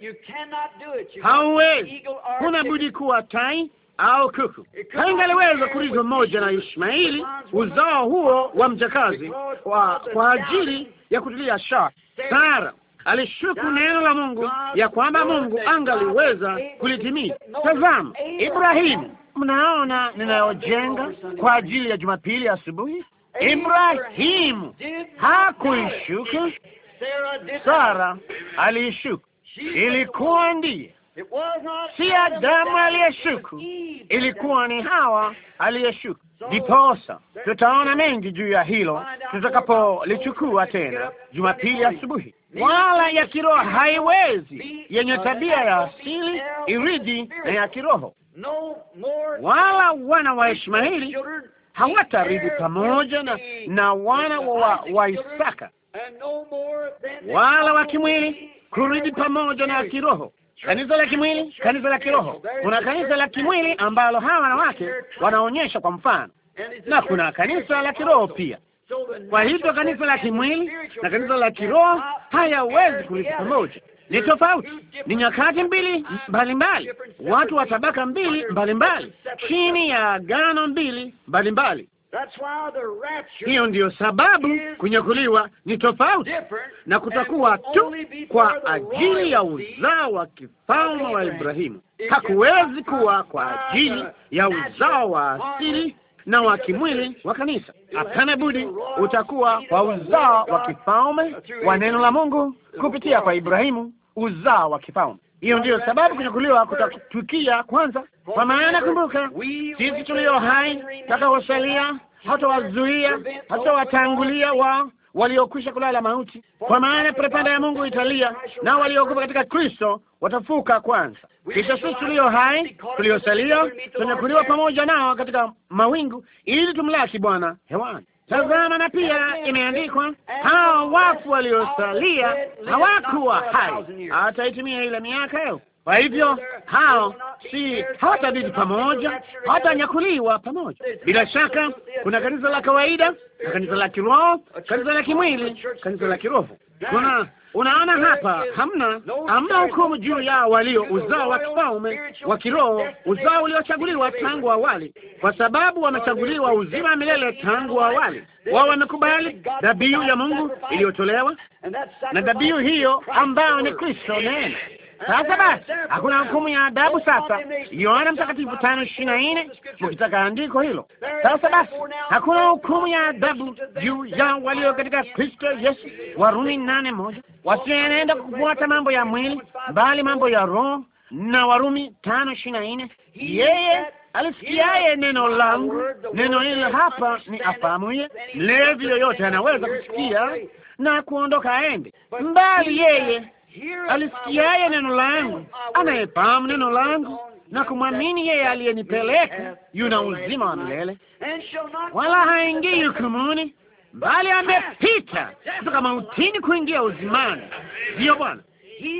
Hauwezi, huna budi kuwa tai au kuku. Haingaliweza kurizwa moja na Ishmaeli, uzao huo wa mjakazi, kwa, kwa ajili ya kutilia shaka Sara alishuku neno la Mungu ya kwamba Mungu angaliweza kulitimiza. Tazama Ibrahimu, mnaona ninayojenga kwa ajili ya Jumapili asubuhi. Ibrahimu hakuishuka, Sara aliishuka. Ilikuwa ndiye, si Adamu aliyeshuku, ilikuwa ni Hawa aliyeshuku. Ndiposa tutaona mengi juu ya hilo tutakapolichukua tena Jumapili asubuhi wala ya kiroho haiwezi, yenye tabia ya asili iridi na ya kiroho, wala wana wa Ishmaeli hawataridi pamoja na, na wana wa, wa Isaka wala wa kimwili kuridi pamoja na kiroho. Kanisa la kimwili, kanisa la kiroho. Kuna kanisa la kimwili ambalo hawa wanawake wanaonyesha kwa mfano, na kuna kanisa la kiroho pia. Kwa hivyo kanisa la kimwili na kanisa la kiroho hayawezi kuleta pamoja, ni tofauti, ni nyakati mbili mbalimbali, watu wa tabaka mbili mbalimbali, chini ya agano mbili mbalimbali. Hiyo ndiyo sababu kunyakuliwa ni tofauti, na kutakuwa tu kwa ajili ya uzao wa kifalme wa Ibrahimu. Hakuwezi kuwa kwa ajili ya uzao wa asili na wa kimwili wa kanisa. Hapana budi utakuwa wa uzao wa kifalme wa neno la Mungu kupitia kwa Ibrahimu, uzao wa kifalme. Hiyo ndiyo sababu kunyakuliwa kutatukia kwanza, kwa maana kumbuka, sisi tulio hai takawasalia, hatawazuia hatawatangulia wao waliokwisha kulala mauti, kwa maana parapanda ya Mungu italia, nao waliokufa katika Kristo watafuka kwanza. Kisha sisi tulio hai tuliosalia tunakuliwa pamoja nao katika mawingu, ili tumlaki Bwana hewani. Tazama, na pia imeandikwa, hao wafu waliosalia hawakuwa hai, itimie ile miaka yao kwa hivyo hao si hawatabidi pamoja, hawatanyakuliwa pamoja. Bila shaka kuna kanisa la kawaida na kanisa la kiroho, kanisa la kimwili, kanisa la kiroho. Kuna unaona hapa, hamna hamna hukumu juu ya walio uzao wa kifalme wa kiroho, uzao uliochaguliwa tangu awali, kwa sababu wamechaguliwa uzima wa milele tangu awali. Wao wamekubali dhabihu ya Mungu iliyotolewa, na dhabihu hiyo ambayo ni Kristo, neno sasa basi, hakuna hukumu ya adabu sasa. Yohana Mtakatifu tano ishirini na nne mkitaka andiko hilo. Sasa basi, hakuna hukumu ya adabu juu ya walio katika Kristo Yesu, Warumi nane moja wasioenenda kufuata mambo ya mwili, bali mambo ya Roho, na Warumi tano ishirini na nne yeye alisikiaye neno langu, neno hili hapa ni afahamuye, mlevi yoyote anaweza kusikia na kuondoka aende mbali, yeye alisikiaye neno langu, anayefahamu neno langu na kumwamini yeye aliyenipeleka yuna uzima wa milele, wala haingii hukumuni, bali amepita kutoka mautini kuingia uzimani. Ndiyo Bwana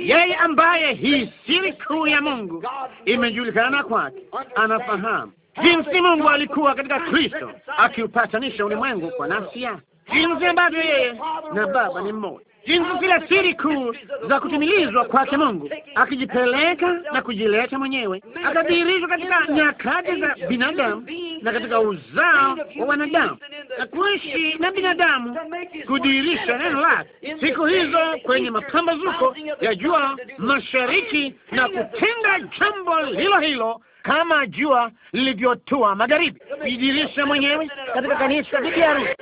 yeye ambaye hii siri kuu ya Mungu imejulikana kwake, anafahamu jinsi Mungu alikuwa katika Kristo akiupatanisha ulimwengu kwa nafsi yake, jinsi ambavyo yeye na Baba ni mmoja jinsi zile siri kuu za kutimilizwa kwake Mungu, akijipeleka na kujileta mwenyewe, akadhihirishwa katika nyakati za binadamu na katika uzao wa wanadamu na kuishi na binadamu, kudhihirisha neno lake siku hizo kwenye mapambazuko ya jua mashariki, na kutenda jambo hilo hilo kama jua lilivyotua magharibi, kujidhihirisha mwenyewe katika kanisa la bibi harusi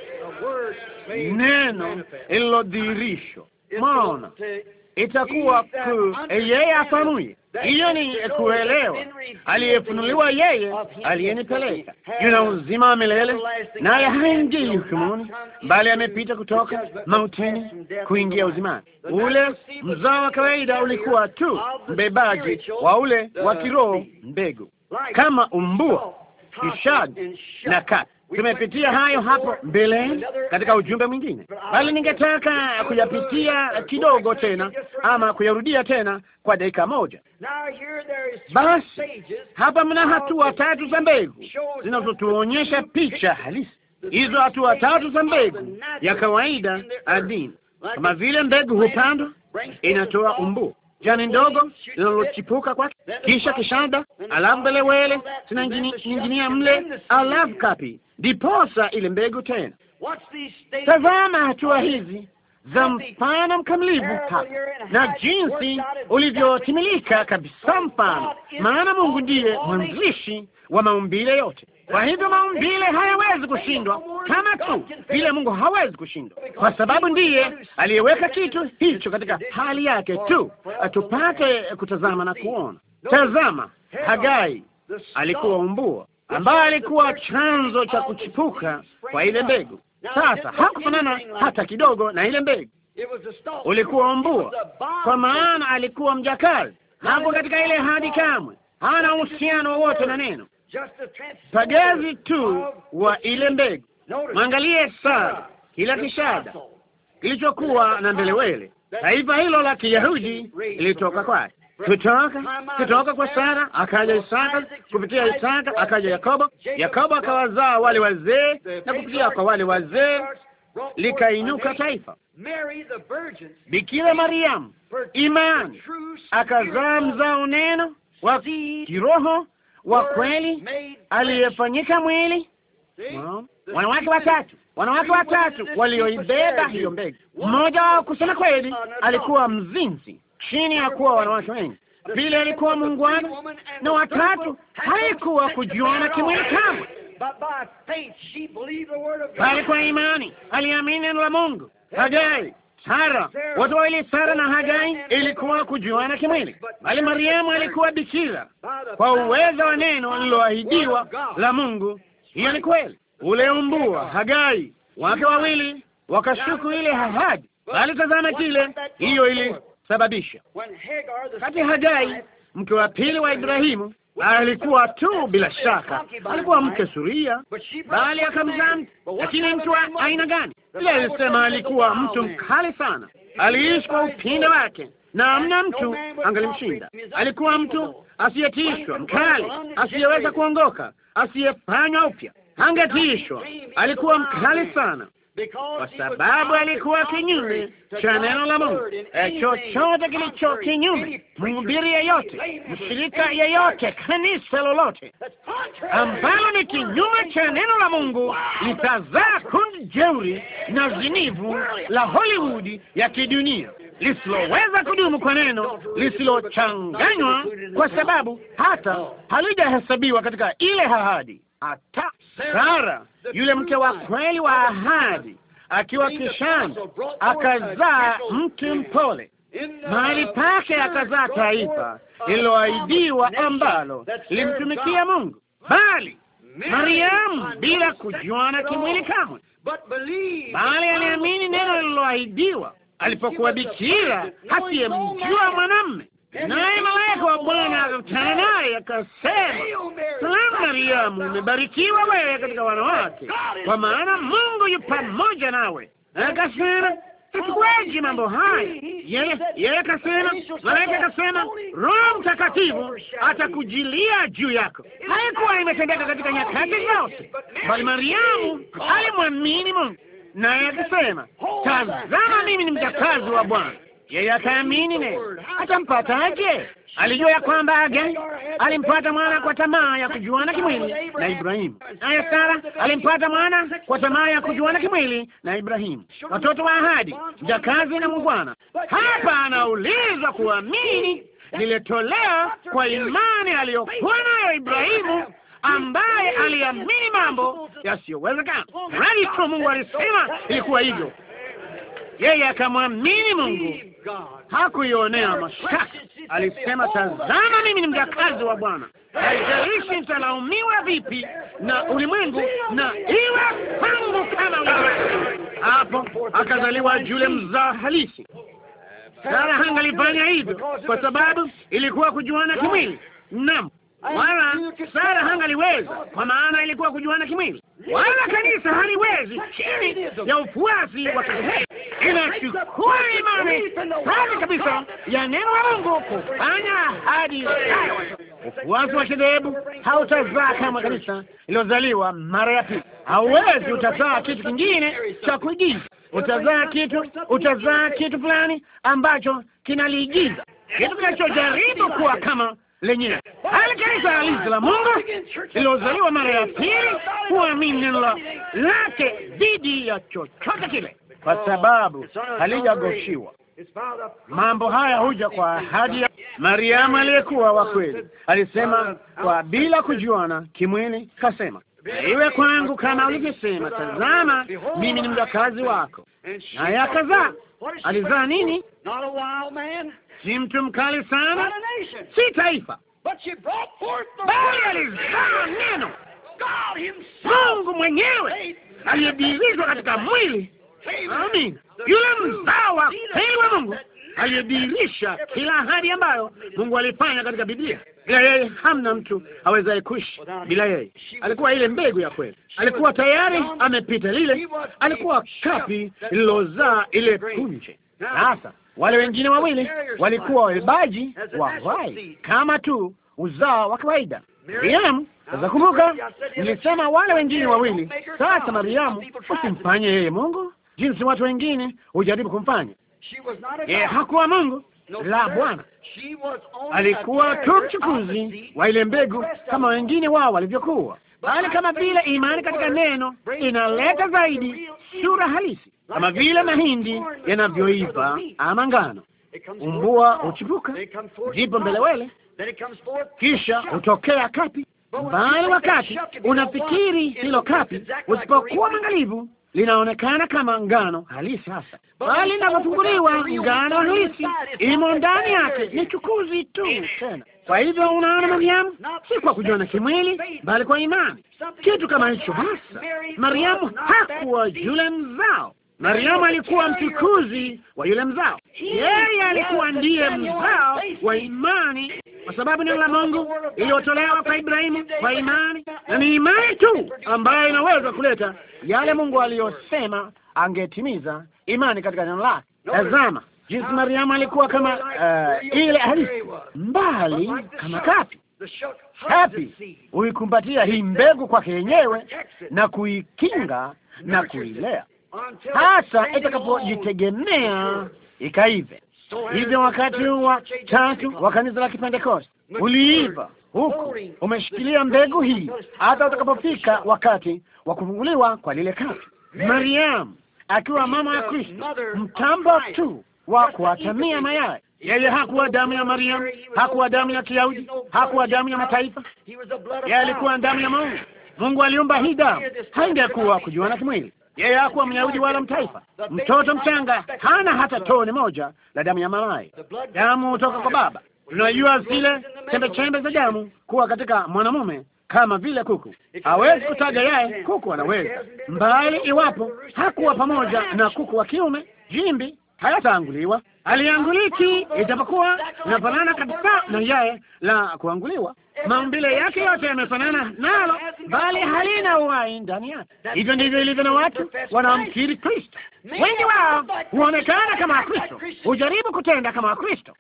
neno lililodhihirishwa. Maona itakuwa ku yeye afanuye. Hiyo ni kuelewa, aliyefunuliwa yeye aliyenipeleka, yuna uzima wa milele, naye haingii hukumuni, bali amepita kutoka mautini kuingia uzimani. Ule mzao wa kawaida ulikuwa tu mbebaji wa ule wa kiroho, mbegu kama umbua, kishadi na kati Tumepitia hayo hapo mbeleni katika ujumbe mwingine, bali ningetaka kuyapitia kidogo tena ama kuyarudia tena kwa dakika moja. Basi hapa mna hatua tatu za mbegu zinazotuonyesha picha halisi. Hizo hatua tatu za mbegu ya kawaida adini kama vile mbegu hupandwa, inatoa umbuo jani ndogo linalochipuka kwake, kisha kishada, alafu belewele sina nyinginia mle, alafu kapi, ndiposa ile mbegu tena. Tazama hatua hizi za mfano mkamilivu hapa na jinsi ulivyotimilika kabisa mfano, maana Mungu ndiye mwanzilishi wa maumbile yote. Kwa hivyo maumbile hayawezi kushindwa, kama tu vile Mungu hawezi kushindwa, kwa sababu ndiye aliyeweka kitu hicho katika hali yake tu, tupate kutazama na kuona. Tazama, Hagai alikuwa umbua ambaye alikuwa chanzo cha kuchipuka kwa ile mbegu. Sasa hakufanana hata kidogo na ile mbegu, ulikuwa umbua, kwa maana alikuwa mjakazi hapo katika ile hadi, kamwe hana uhusiano wowote na neno pagazi tu wa ile mbegu. Mwangalie sasa kila kishada kilichokuwa na mbelewele, taifa hilo la Kiyahudi lilitoka kwake kutoka kutoka kwa Sara akaja Isaka, kupitia Isaka akaja Yakobo, Yakobo akawazaa wale wazee, na kupitia kwa wale wazee likainuka taifa. Bikira Mariamu imani akazaa mzao neno wa kiroho wa kweli aliyefanyika mwili. Wanawake watatu, wanawake watatu walioibeba hiyo mbegu. Mmoja wao kusema kweli alikuwa mzinzi, chini ya kuwa wanawake wengi. Pili alikuwa muungwana, na watatu haikuwa kujuana kimwili kamwe, bali kwa imani aliamini neno la Mungu. Hagai Sara, watu wawili Sara na Hagai ilikuwa kujuana kimwili, bali Mariamu alikuwa bikira kwa uwezo wa neno lililoahidiwa la Mungu. Hiyo ni kweli. Ule umbua Hagai, wake wawili wakashuku ile ahadi, bali tazama kile hiyo ilisababisha kati Hagai, mke wa pili wa Ibrahimu, na alikuwa tu bila shaka alikuwa mke suria, bali akamzaa. Lakini mtu wa aina gani? Bila alisema alikuwa mtu mkali sana, aliishi kwa upinde wake na amna mtu angalimshinda. Alikuwa mtu asiyetiishwa, mkali, asiyeweza kuongoka, asiyefanywa upya, angetiishwa Alikuwa mkali sana, kwa sababu alikuwa kinyume cha neno la Mungu. Eh, chochote kilicho kinyume, mhubiri yeyote, mshirika yeyote, kanisa lolote ambalo ni kinyume cha neno la Mungu litazaa kundi jeuri na zinivu la Hollywood ya kidunia lisiloweza kudumu kwa neno lisilochanganywa, kwa sababu hata oh. halijahesabiwa katika ile ahadi hata Sara, yule mke wa kweli wa ahadi, akiwa kishani akazaa mke mpole mahali pake akazaa taifa lililoahidiwa ambalo limtumikia Mungu. Bali Mariamu, bila kujuana kimwili kamwe, bali aliamini neno lililoahidiwa alipokuwa bikira, hasiyemjua mwanamume. Naye malaika wa Bwana akakutana naye akasema, salamu Mariamu, umebarikiwa wewe katika wanawake, kwa maana Mungu yu pamoja nawe. Akasema, Sikuweji mambo oh, haya. Yeye yeye akasema, malaika akasema, Roho Mtakatifu atakujilia juu yako. Haikuwa imetendeka katika nyakati zote, bali Mariamu alimwamini Mungu, naye akasema, tazama, mimi ni mjakazi wa Bwana yeye ataamini ne atampataje? Alijua ya kwamba Agari alimpata mwana kwa tamaa ya kujuana kimwili na Ibrahimu, naye Sara alimpata mwana kwa tamaa ya kujuana kimwili na Ibrahimu, watoto wa ahadi, mjakazi na mungwana. Hapa anaulizwa kuamini lile toleo kwa imani aliyokuwa nayo Ibrahimu ambaye aliamini mambo yasiyowezekana. Mradi tu Mungu alisema ilikuwa hivyo yeye akamwamini Mungu, hakuionea mashtaka. Alisema, tazama, mimi ni mjakazi wa Bwana, haijalishi nitalaumiwa vipi na ulimwengu, na iwe kwangu kama ulimwengu. Hapo akazaliwa yule mzaa halisi. Sara hangalifanya hivyo kwa sababu ilikuwa kujuana kimwili. Naam, wala Sara hangaliweza kwa maana ilikuwa kujuana kimwili, wala kanisa haliwezi chini ya ufuasi wa kanisa. Inachukua imani hadi kabisa ya neno la Mungu kufanya hadi ufuasi wa kidhehebu hautazaa kama kanisa iliyozaliwa mara ya pili. Hauwezi, utazaa kitu kingine cha kuigiza, utazaa kitu, utazaa kitu fulani ambacho kinaliigiza kitu kinachojaribu kuwa kama lenyewe hali kanisa halisi la Mungu lilozaliwa mara ya pili huamini neno lake dhidi ya chochote kile, kwa sababu halijagoshiwa. Mambo haya huja kwa ahadi ya Mariamu aliyekuwa wa kweli, alisema kwa bila kujuana kimwili, kasema iwe kwangu kama ulivyosema, tazama, mimi ni mjakazi wako. Naye akazaa. Alizaa nini? Si mtu mkali sana, si taifa, bali alizaa neno, Mungu mwenyewe aliyedhihirishwa katika mwili. Amina, yule mzao wa wa Mungu aliyedhihirisha kila ahadi ambayo Mungu alifanya katika Biblia. Bila yeye hamna mtu awezaye kuishi. Bila yeye alikuwa ile mbegu ya kweli, alikuwa tayari amepita lile, alikuwa kapi lililozaa ile punje. Sasa wale wengine wawili walikuwa wabebaji wa wai kama tu uzao wa kawaida. Mariamu, kumbuka nilisema wale wengine wawili. Sasa Mariamu, usimfanye yeye Mungu jinsi watu wengine hujaribu kumfanya. Yeye eh, hakuwa Mungu la Bwana, alikuwa tu mchukuzi wa ile mbegu kama wengine wao walivyokuwa, bali kama vile imani katika neno inaleta zaidi sura halisi, kama vile mahindi yanavyoiva ama ngano, umbua huchipuka, ndipo mbelewele, kisha hutokea kapi, bali wakati unafikiri hilo kapi, usipokuwa mwangalivu, linaonekana kama ngano halisi hasa bali inapofunguliwa ngano hisi imo ndani yake, ni chukuzi tu tena. Kwa hivyo unaona, Mariamu, si kwa kujiona kimwili, bali kwa imani, kitu kama hicho hasa. Mariamu hakuwa yule mzao. Mariamu alikuwa mchukuzi wa yule mzao, yeye alikuwa ndiye mzao wa imani, kwa sababu neno la Mungu iliyotolewa kwa Ibrahimu kwa imani, na ni imani tu ambayo inaweza kuleta yale Mungu aliyosema angetimiza imani katika neno lake. Tazama jinsi Mariamu alikuwa kama uh, ile halisi mbali kama kapi kapi, huikumbatia hii mbegu kwake yenyewe na kuikinga na kuilea hata itakapojitegemea ikaive. Hivyo wakati wa tatu wa kanisa la Kipentekoste uliiva huku umeshikilia mbegu hii hata utakapofika wakati wa kufunguliwa kwa lile kapi. Mariamu akiwa mama ya Kristo, mtambo tu wa kuatamia mayai. Yeye hakuwa damu ya Mariamu, hakuwa damu ya Kiyahudi, hakuwa damu ya mataifa. Yeye alikuwa damu ya Mungu. Mungu aliumba hii damu, haingekuwa kujuana kimwili. Yeye hakuwa Myahudi wala mtaifa. Mtoto mchanga hana hata tone moja la damu ya mamaye. Damu hutoka kwa Baba. Tunajua zile chembe chembe za damu kuwa katika mwanamume kama vile kuku hawezi kutaga yeye, kuku anaweza mbali, iwapo hakuwa pamoja na kuku wa kiume. Jimbi hayataanguliwa. Alianguliki, ijapokuwa inafanana kabisa na yeye la kuanguliwa. Maumbile yake yote yamefanana nalo, bali halina uhai ndani yake. Hivyo ndivyo ilivyo na watu wanaomkiri Kristo. Wengi wao huonekana kama Wakristo, hujaribu kutenda kama Wakristo,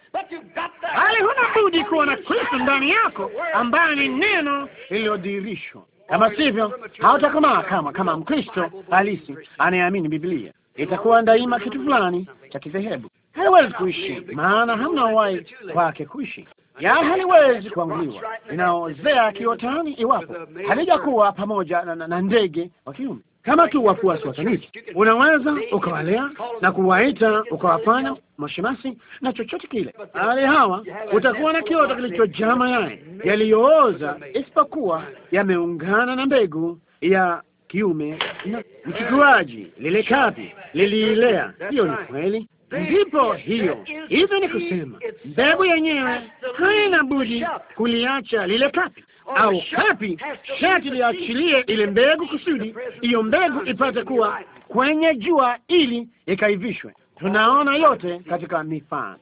bali huna budi kuwa na Kristo ndani yako, ambaye ni neno lililodhihirishwa. Kama sivyo, hautakomaa kama kama Mkristo halisi anayeamini Biblia. Itakuwa daima kitu fulani cha kidhehebu haliwezi kuishi, maana hamna uhai kwake kuishi ya haliwezi kuanguliwa, inaozea kiotani iwapo halijakuwa pamoja na, na, na ndege wa kiume kama tu wafuasi wa kanisa. Unaweza ukawalea na kuwaita ukawafanya mashemasi na chochote kile, hali hawa utakuwa na kioto kilichojaa mayai yaliyooza, isipokuwa yameungana na mbegu ya kiume mchukuaji, lile kapi liliilea. Hiyo ni kweli, ndipo hiyo hivyo. Ni kusema mbegu yenyewe haina budi kuliacha lile kapi, au kapi shati liachilie ile mbegu, kusudi hiyo mbegu ipate kuwa kwenye jua ili ikaivishwe. Tunaona yote katika mifano.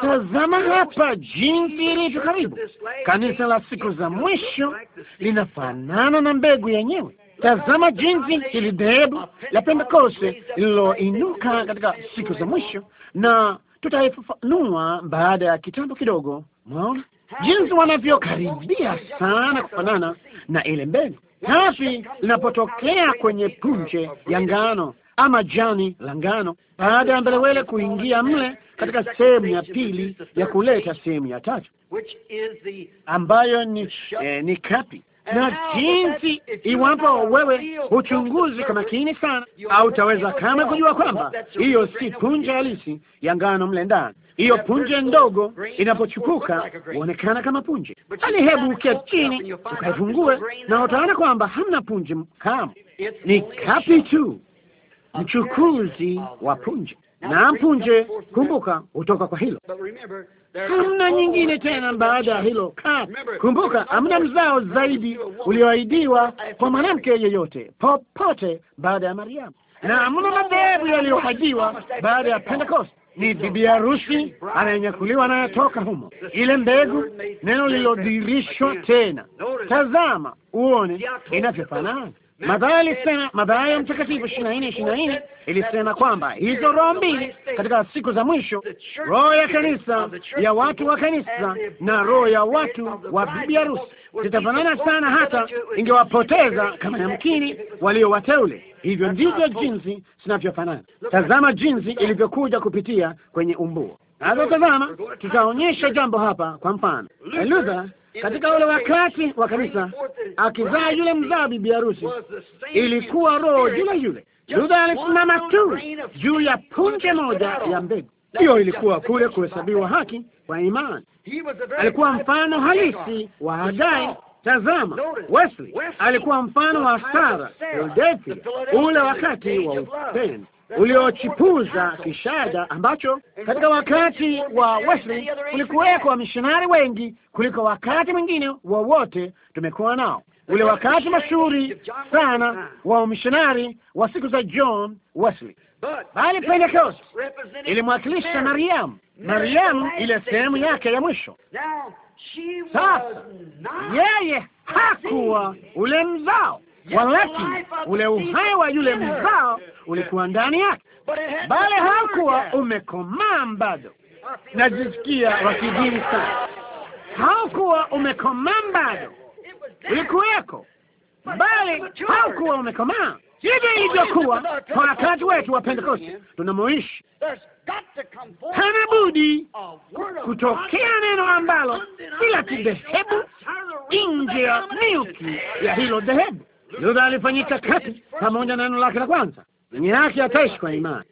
Tazama hapa jinsi ilivyo karibu. Kanisa la siku za mwisho linafanana na mbegu yenyewe. Tazama jinsi hili dhehebu la Pentekoste lililoinuka katika siku za mwisho, na tutaifafanua baada ya kitambo kidogo. Mwaona jinsi wanavyokaribia sana kufanana na ile mbegu safi linapotokea kwenye punje ya ngano ama jani la ngano, baada ya mbelewele kuingia mle katika sehemu ya pili ya kuleta sehemu ya tatu ambayo ni, eh, ni kapi na jinsi, iwapo wewe huchunguzi kwa makini sana, au utaweza kama kujua kwamba hiyo si punje halisi ya ngano mle ndani. Hiyo punje ndogo inapochukuka huonekana kama punje, bali yaani hebu uketi chini ukaifungue, na utaona kwamba hamna punje, kama ni kapi tu. Mchukuzi wa punje na mpunje Kumbuka, hutoka kwa hilo, hamna nyingine tena baada ya hilo ka. Kumbuka, hamna mzao zaidi ulioahidiwa kwa mwanamke yeyote popote baada ya Mariamu, na hamna madhehebu yaliyohajiwa baada ya Pentecost. Ni bibi harusi anayenyakuliwa anayetoka humo, ile mbegu, neno lililodirishwa tena. Tazama uone inavyofanana. Mathayo alisema, Mathayo mtakatifu ishirini na nne ishirini na nne ilisema kwamba hizo roho mbili katika siku za mwisho, roho ya kanisa ya watu wa kanisa na roho ya watu wa bibi harusi zitafanana sana, hata ingewapoteza kama yamkini walio wateule. Hivyo ndivyo jinsi zinavyofanana. Tazama jinsi ilivyokuja kupitia kwenye umbuo. Nazo tazama, tutaonyesha jambo hapa kwa mfano Luther katika ule wakati wa kanisa akizaa yule mzaa bibi harusi, ilikuwa roho yule yule. Luther alisimama tu juu ya punje moja ya mbegu hiyo, ilikuwa kule kuhesabiwa haki kwa imani. Alikuwa mfano halisi wa Hagai. Tazama, Wesley alikuwa mfano wa Sara Philadelphia, ule wakati wa upendo uliochipuza kishada ambacho katika wakati wa Wesley kulikuweko wamishonari wengi kuliko wakati mwingine wowote tumekuwa nao. Ule wakati mashuhuri sana wa wamishonari wa siku za John Wesley, bali Pentecost ilimwakilisha Mariamu, Mariamu ile sehemu yake ya mwisho. Sasa yeye hakuwa ule mzao walakini ule uhai wa yule mzao ulikuwa ndani yake, bali haukuwa umekomaa bado. Najisikia wakijini sana, haukuwa umekomaa bado, ulikuweko bali haukuwa umekomaa. Hivyo ilivyokuwa kwa wakati wetu wa Pentekoste tunamoishi, hana budi kutokea neno ambalo kila kidhehebu nje ya milki ya hilo dhehebu Luther alifanyika kati pamoja na neno lake la kwanza, mwenye haki ataishi kwa imani.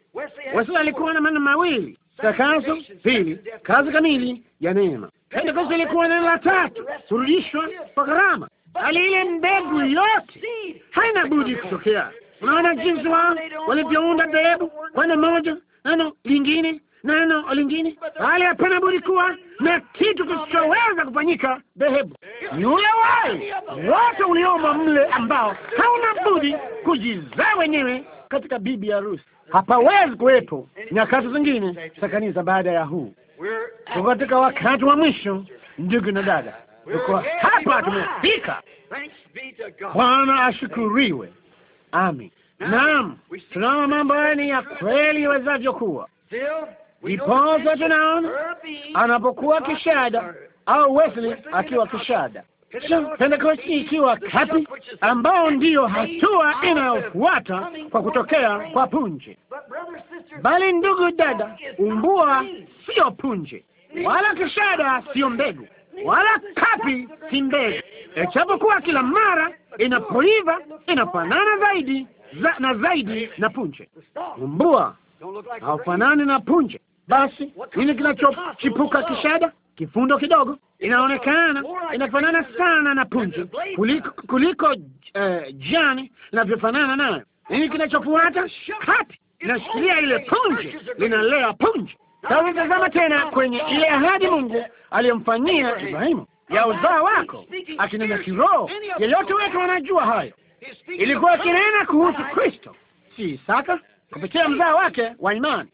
Wesley alikuwa na maneno mawili, takaso; pili, kazi kamili ya neema. Pentekoste ilikuwa neno la tatu, kurudishwa kwa gharama Hali ile mbegu yote haina budi kutokea. Unaona jinsi wao walivyounda dhehebu, kwenda moja neno lingine neno lingine, hali hapana budi kuwa na kitu kisichoweza kufanyika dhehebu. yule ule wai wote uliomo mle ambao hauna budi kujizaa wenyewe katika bibi ya harusi. Hapawezi kuwepo nyakati zingine za kanisa baada ya huu. Tuko katika wakati wa mwisho, ndugu na dada, tuko hapa, tumefika. Bwana ashukuriwe. Amin. Naam, tunaona mambo haya ni ya kweli iwezavyo kuwa Ndipo tunaona anapokuwa kishada au Wesley akiwa kishada, Pentekosti ikiwa kapi, ambao ndiyo hatua inayofuata kwa kutokea kwa punje. Bali ndugu dada, umbua sio punje, wala kishada sio mbegu, wala kapi si mbegu, ichapokuwa kila mara inapoiva inafanana zaidi za, na zaidi na punje. Umbua haufanani na punje. Basi nini kinachochipuka kishada? Kifundo kidogo, inaonekana inafanana sana na punje kuliko, kuliko uh, jani linavyofanana nayo. Nini kinachofuata? kati inashikilia ile punje, linalea punje. Sasa tazama tena kwenye ile ahadi Mungu aliyomfanyia Ibrahimu ya uzao wako, akinena kiroho. Yeyote wetu wanajua hayo, ilikuwa akinena kuhusu Kristo, si Isaka, kupitia mzao wake wa imani.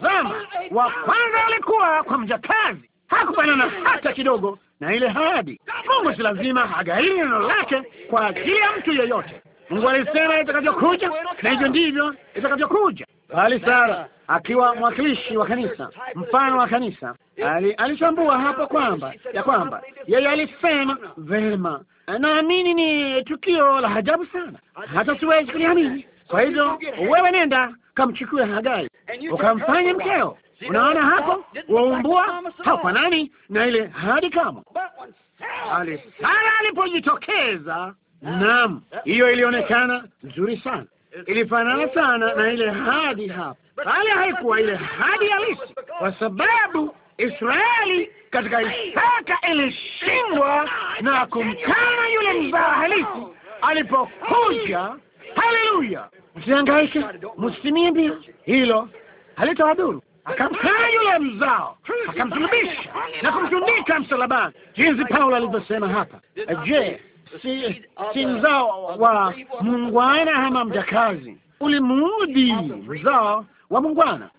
Zama wa kwanza alikuwa kwa mjakazi, hakupanana hata kidogo na ile hadi. Mungu si lazima agairi neno lake kwa ajili ya mtu yeyote. Mungu alisema itakavyokuja, na hivyo ndivyo itakavyokuja. Bali Sara akiwa mwakilishi wa kanisa, mfano wa kanisa, alishambua hapo kwamba ya kwamba yeye alisema vema. Naamini ni tukio la ajabu sana, hata siwezi kuliamini. Kwa hivyo wewe nenda ukamchukue Hagai ukamfanye mkeo. Unaona hapo waumbua nani na ile hadi kama ali Sara alipojitokeza. Naam, hiyo ilionekana nzuri sana, ilifanana sana na ile hadi hapa, bali haikuwa ile hadi halisi, kwa sababu Israeli katika Isaka ilishindwa na kumkana yule mzaa halisi alipokuja Haleluya! Msihangaike, msitimie hilo, halitawadhuru. Akamkaa yule mzao, akamsulubisha na kumtundika msalabani, jinsi Paulo alivyosema hapa. Je, si, si mzao wa mungwana ama mjakazi? Ulimuudhi mzao wa mungwana,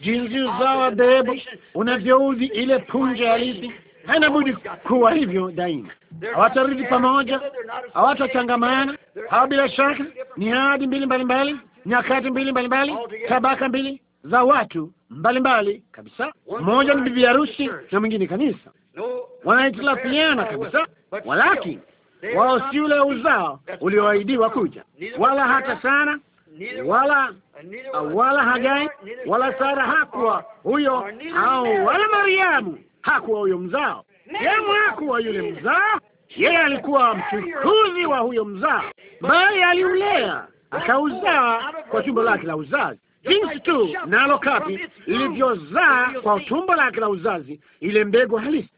jinsi uzao wa dhehebu unavyoudhi ile punje halisi Haina budi kuwa hivyo daima. Hawatarudi pamoja, hawatachangamana. Hawa bila shaka ni ahadi mbili mbalimbali, nyakati mbili mbalimbali, tabaka mbili za watu mbalimbali kabisa. Mmoja ni bibi harusi na mwingine kanisa. Wanahitilafiana kabisa, walakini wao si ule uzao ulioahidiwa kuja, wala hata sana wala wala Hagai wala Sara hakuwa huyo, au wala Mariamu hakuwa huyo mzao, Yemu hakuwa yule mzao. Yeye alikuwa mchukuzi wa huyo mzao, bali aliulea akauzaa kwa tumbo lake la uzazi, jinsi tu nalo kapi lilivyozaa kwa tumbo lake la uzazi ile mbegu halisi.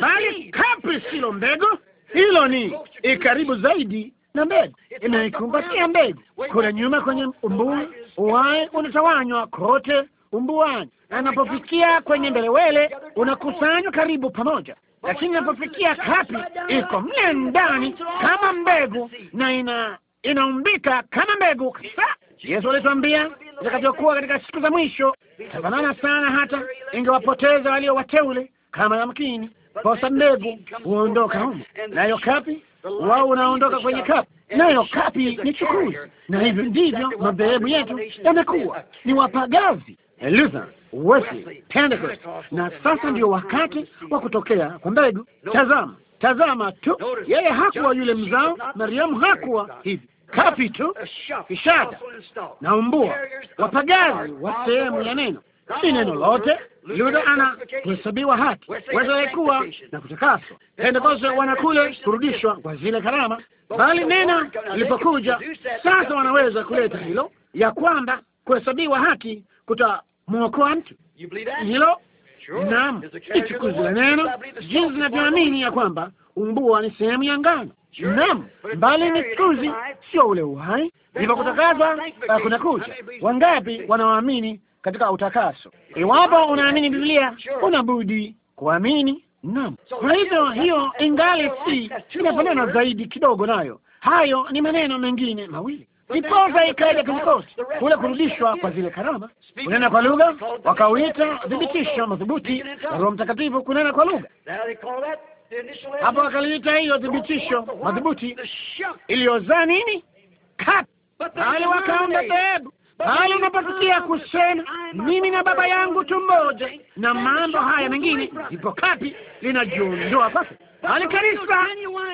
Bali kapi silo mbegu, hilo ni ikaribu zaidi na mbegu inaikumbatia mbegu. Kuna nyuma kwenye umbua, uhai unatawanywa kote umbuani anapofikia kwenye mbelewele unakusanywa karibu pamoja, lakini inapofikia kapi iko mle ndani kama mbegu na ina inaumbika kama mbegu kabisa. Yesu alituambia itakavyokuwa katika siku za mwisho tafanana sana, hata ingewapoteza walio wateule kama yamkini posa mbegu huondoka humo, nayo kapi wao unaondoka kwenye kapi, nayo kapi ni chukuzi. Na hivyo ndivyo madhehebu yetu yamekuwa ni wapagazi Eh, Luther, Wesley, Pentecost, na sasa ndio wakati wa kutokea kwa mbegu. Tazama, tazama tu, yeye hakuwa yule mzao, Mariamu hakuwa hivi kapi tu, kishada na umbua, wapagazi wa sehemu ya neno si neno lote. Yuda ana kuhesabiwa haki, wezalekuwa na kutakaswa. Pentekoste wanakule kurudishwa kwa zile karama, bali neno alipokuja sasa wanaweza kuleta hilo ya kwamba kuhesabiwa haki kuta mwokoa mtu. Hilo naam, ichukuziwe neno jinsi zinavyoamini ya kwamba umbua ni sehemu ya ngano. Naam, bali ni kuzi, sio ule uhai. Ndipo kutakaza kuna kucha. Wangapi wanaoamini katika utakaso? Iwapo unaamini Biblia, una budi kuamini. Naam, kwa hivyo hiyo ingali si, inafanana zaidi kidogo nayo. Hayo ni maneno mengine mawili. Ndiposa ikaja Pentekoste, kule kurudishwa kwa zile karama, kunena kwa lugha, wakauita thibitisho madhubuti na Roho Mtakatifu, kunena kwa lugha. Hapo wakaliita hiyo thibitisho madhubuti iliyozaa nini? Bali wakaomba dhehebu bali unapofikia kusema mimi na Baba yangu tu mmoja, na mambo haya mengine, ndipo kapi linajiondoa sasa. Bali kanisa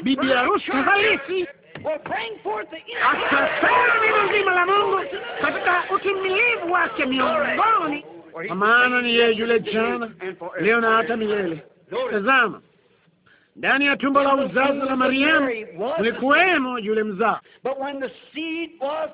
bibi harusi halisi atasema neno zima la Mungu katika utimilivu wake miongoni, kwa maana ni yeye yule jana, leo na hata milele. Tazama, ndani ya tumbo la uzazi la Mariamu kulikuwemo yule mzaa,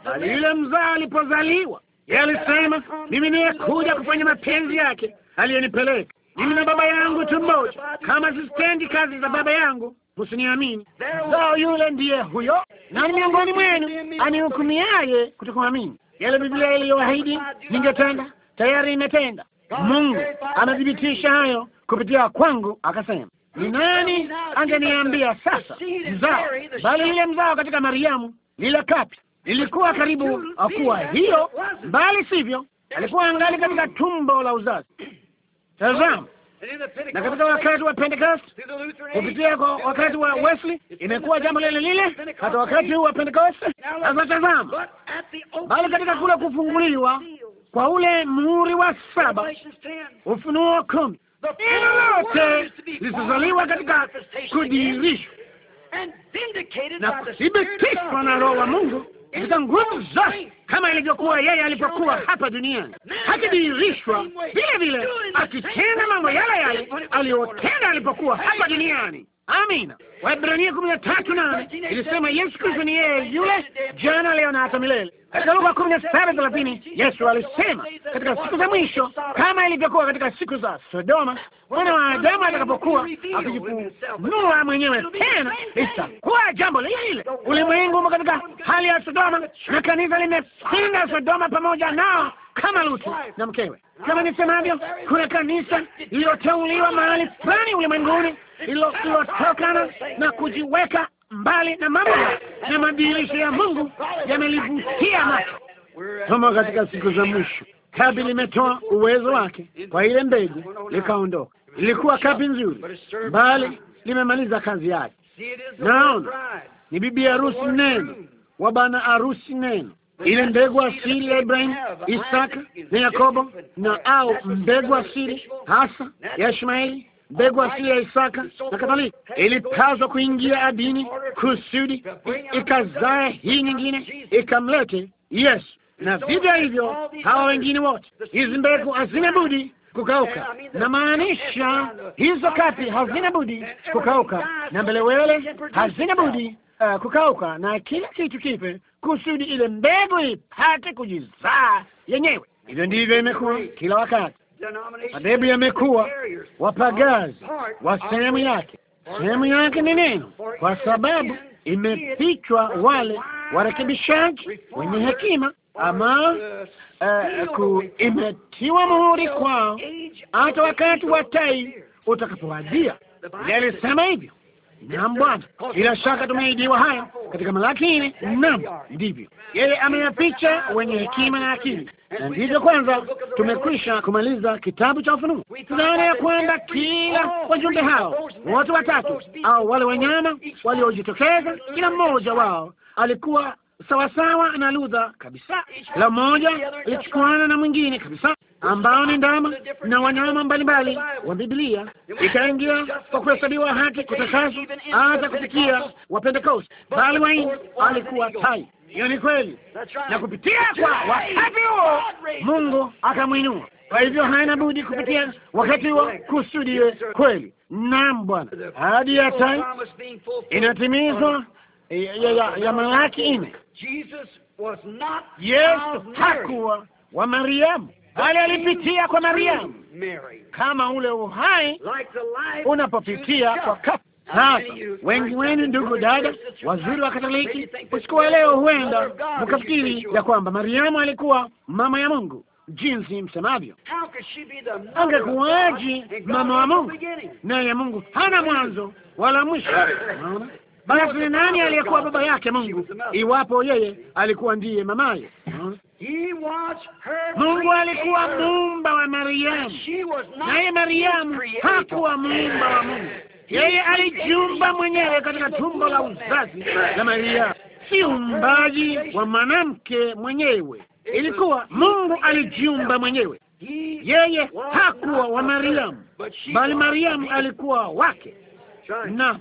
bali yule mzaa alipozaliwa, yeye alisema mimi niyekuja kufanya mapenzi yake aliyenipeleka mimi na Baba yangu tu mmoja. Kama sistendi kazi za Baba yangu, kusiniamini. So yule ndiye huyo, nani miongoni mwenu anihukumiaye kutokuamini yale Biblia iliyoahidi ningetenda? Tayari imetenda. Mungu amethibitisha hayo kupitia kwangu, akasema ni nani angeniambia sasa mzao, bali lile mzao katika Mariamu, lile kapi lilikuwa karibu akuwa hiyo, bali sivyo, alikuwa angali katika tumbo la uzazi. Tazama na katika wakati wa Pentecost kupitia kwa wakati wa Wesley imekuwa jambo lile lile hata wakati huu wa Pentecost. Sasa tazama, bali katika kule kufunguliwa kwa ule muhuri wa saba, Ufunuo kumi, neno lote lisizaliwa katika kudirishwa na kuthibitishwa na Roho wa Mungu katika nguvu zote, kama ilivyokuwa yeye alipokuwa hapa duniani, akidhihirishwa vile vile akitenda mambo yale yale aliyotenda alipokuwa hapa duniani. Amina. Waebrania kumi na tatu nane ilisema Yesu Kristo ni yeye yule jana, leo na hata milele. Katika Luka kumi na saba thelathini Yesu alisema katika siku za mwisho, kama ilivyokuwa katika siku za Sodoma, mwana wa Adamu atakapokuwa akijifunua mwenyewe tena, itakuwa jambo lile lile. Ulimwengu katika hali ya Sodoma na kanisa limepinda Sodoma pamoja nao kama Lutu na mkewe kama nisemavyo, kuna kanisa lililoteuliwa mahali fulani ulimwenguni lililotokana na kujiweka mbali na mambo na madirisha ya Mungu yamelivutia macho. Kama katika siku za mwisho kabi limetoa uwezo wake kwa ile mbegu, likaondoka. Ilikuwa kabi nzuri, bali limemaliza kazi yake. Naona ni bibi harusi neno wa bwana harusi neno ile mbegu asili ya Ibrahimu, Isaka na Yakobo, na au mbegu asili hasa ya Ishmaeli, mbegu asili ya Isaka na kadhalika, ilipaswa kuingia adini kusudi ikazae hii nyingine, ikamlete Yesu. Na vivyo hivyo hawa wengine wote, hizi mbegu hazina budi kukauka na maanisha hizo kapi hazina budi kukauka, na mbelewele hazina budi uh, kukauka, na kila kitu kipe kusudi ile mbegu ipate kujizaa yenyewe. Hivyo ndivyo imekuwa kila wakati, madhehebu yamekuwa wapagazi wa sehemu yake. Sehemu yake ni neno, kwa sababu imefichwa wale warekebishaji wenye hekima ama uh, ku imetiwa muhuri kwao hata wakati wa tai utakapowadia. Alisema hivyo Naam Bwana, bila shaka tumeidiwa haya katika Malaki nne. Naam, ndivyo yeye ameyapicha wenye hekima na akili, na ndivyo kwanza tumekwisha kumaliza kitabu cha Ufunuo. Tunaona ya kwamba kila wajumbe hao wote watatu au wale wanyama waliojitokeza, kila mmoja wao alikuwa sawasawa na ludha kabisa, kila mmoja alichukuana na mwingine kabisa ambao ni ndama na wanyama mbalimbali wa Biblia, ikaingia kwa kuhesabiwa haki kutakaswa, hata kufikia wa Pentekoste, bali Waini alikuwa tai. Hiyo ni kweli, na kupitia kwa wakati huo Mungu akamwinua. Kwa hivyo haina budi kupitia wakati huo kusudiwe kweli. Naam, Bwana, hadi ya tai inatimizwa ya Malaki nne. Yesu hakuwa wa Mariamu wale alipitia kwa Mariamu, kama ule uhai unapopitia kwa kafa. Sasa wengi wenu, ndugu dada, waziri wa Katoliki, usiku wa leo huenda mkafikiri ya kwamba Mariamu alikuwa mama ya Mungu jinsi msemavyo. Angekuwaje mama wa Mungu? Naye Mungu hana mwanzo wala mwisho. basi ni nani aliyekuwa baba yake Mungu iwapo yeye alikuwa ndiye mamaye? Mungu alikuwa muumba wa Mariamu, naye Mariamu hakuwa muumba wa Mungu. Yeye alijiumba mwenyewe katika tumbo la uzazi la Mariamu, si umbaji wa mwanamke mwenyewe. Ilikuwa Mungu alijiumba mwenyewe, yeye hakuwa wa Mariamu, bali Mariamu alikuwa wake na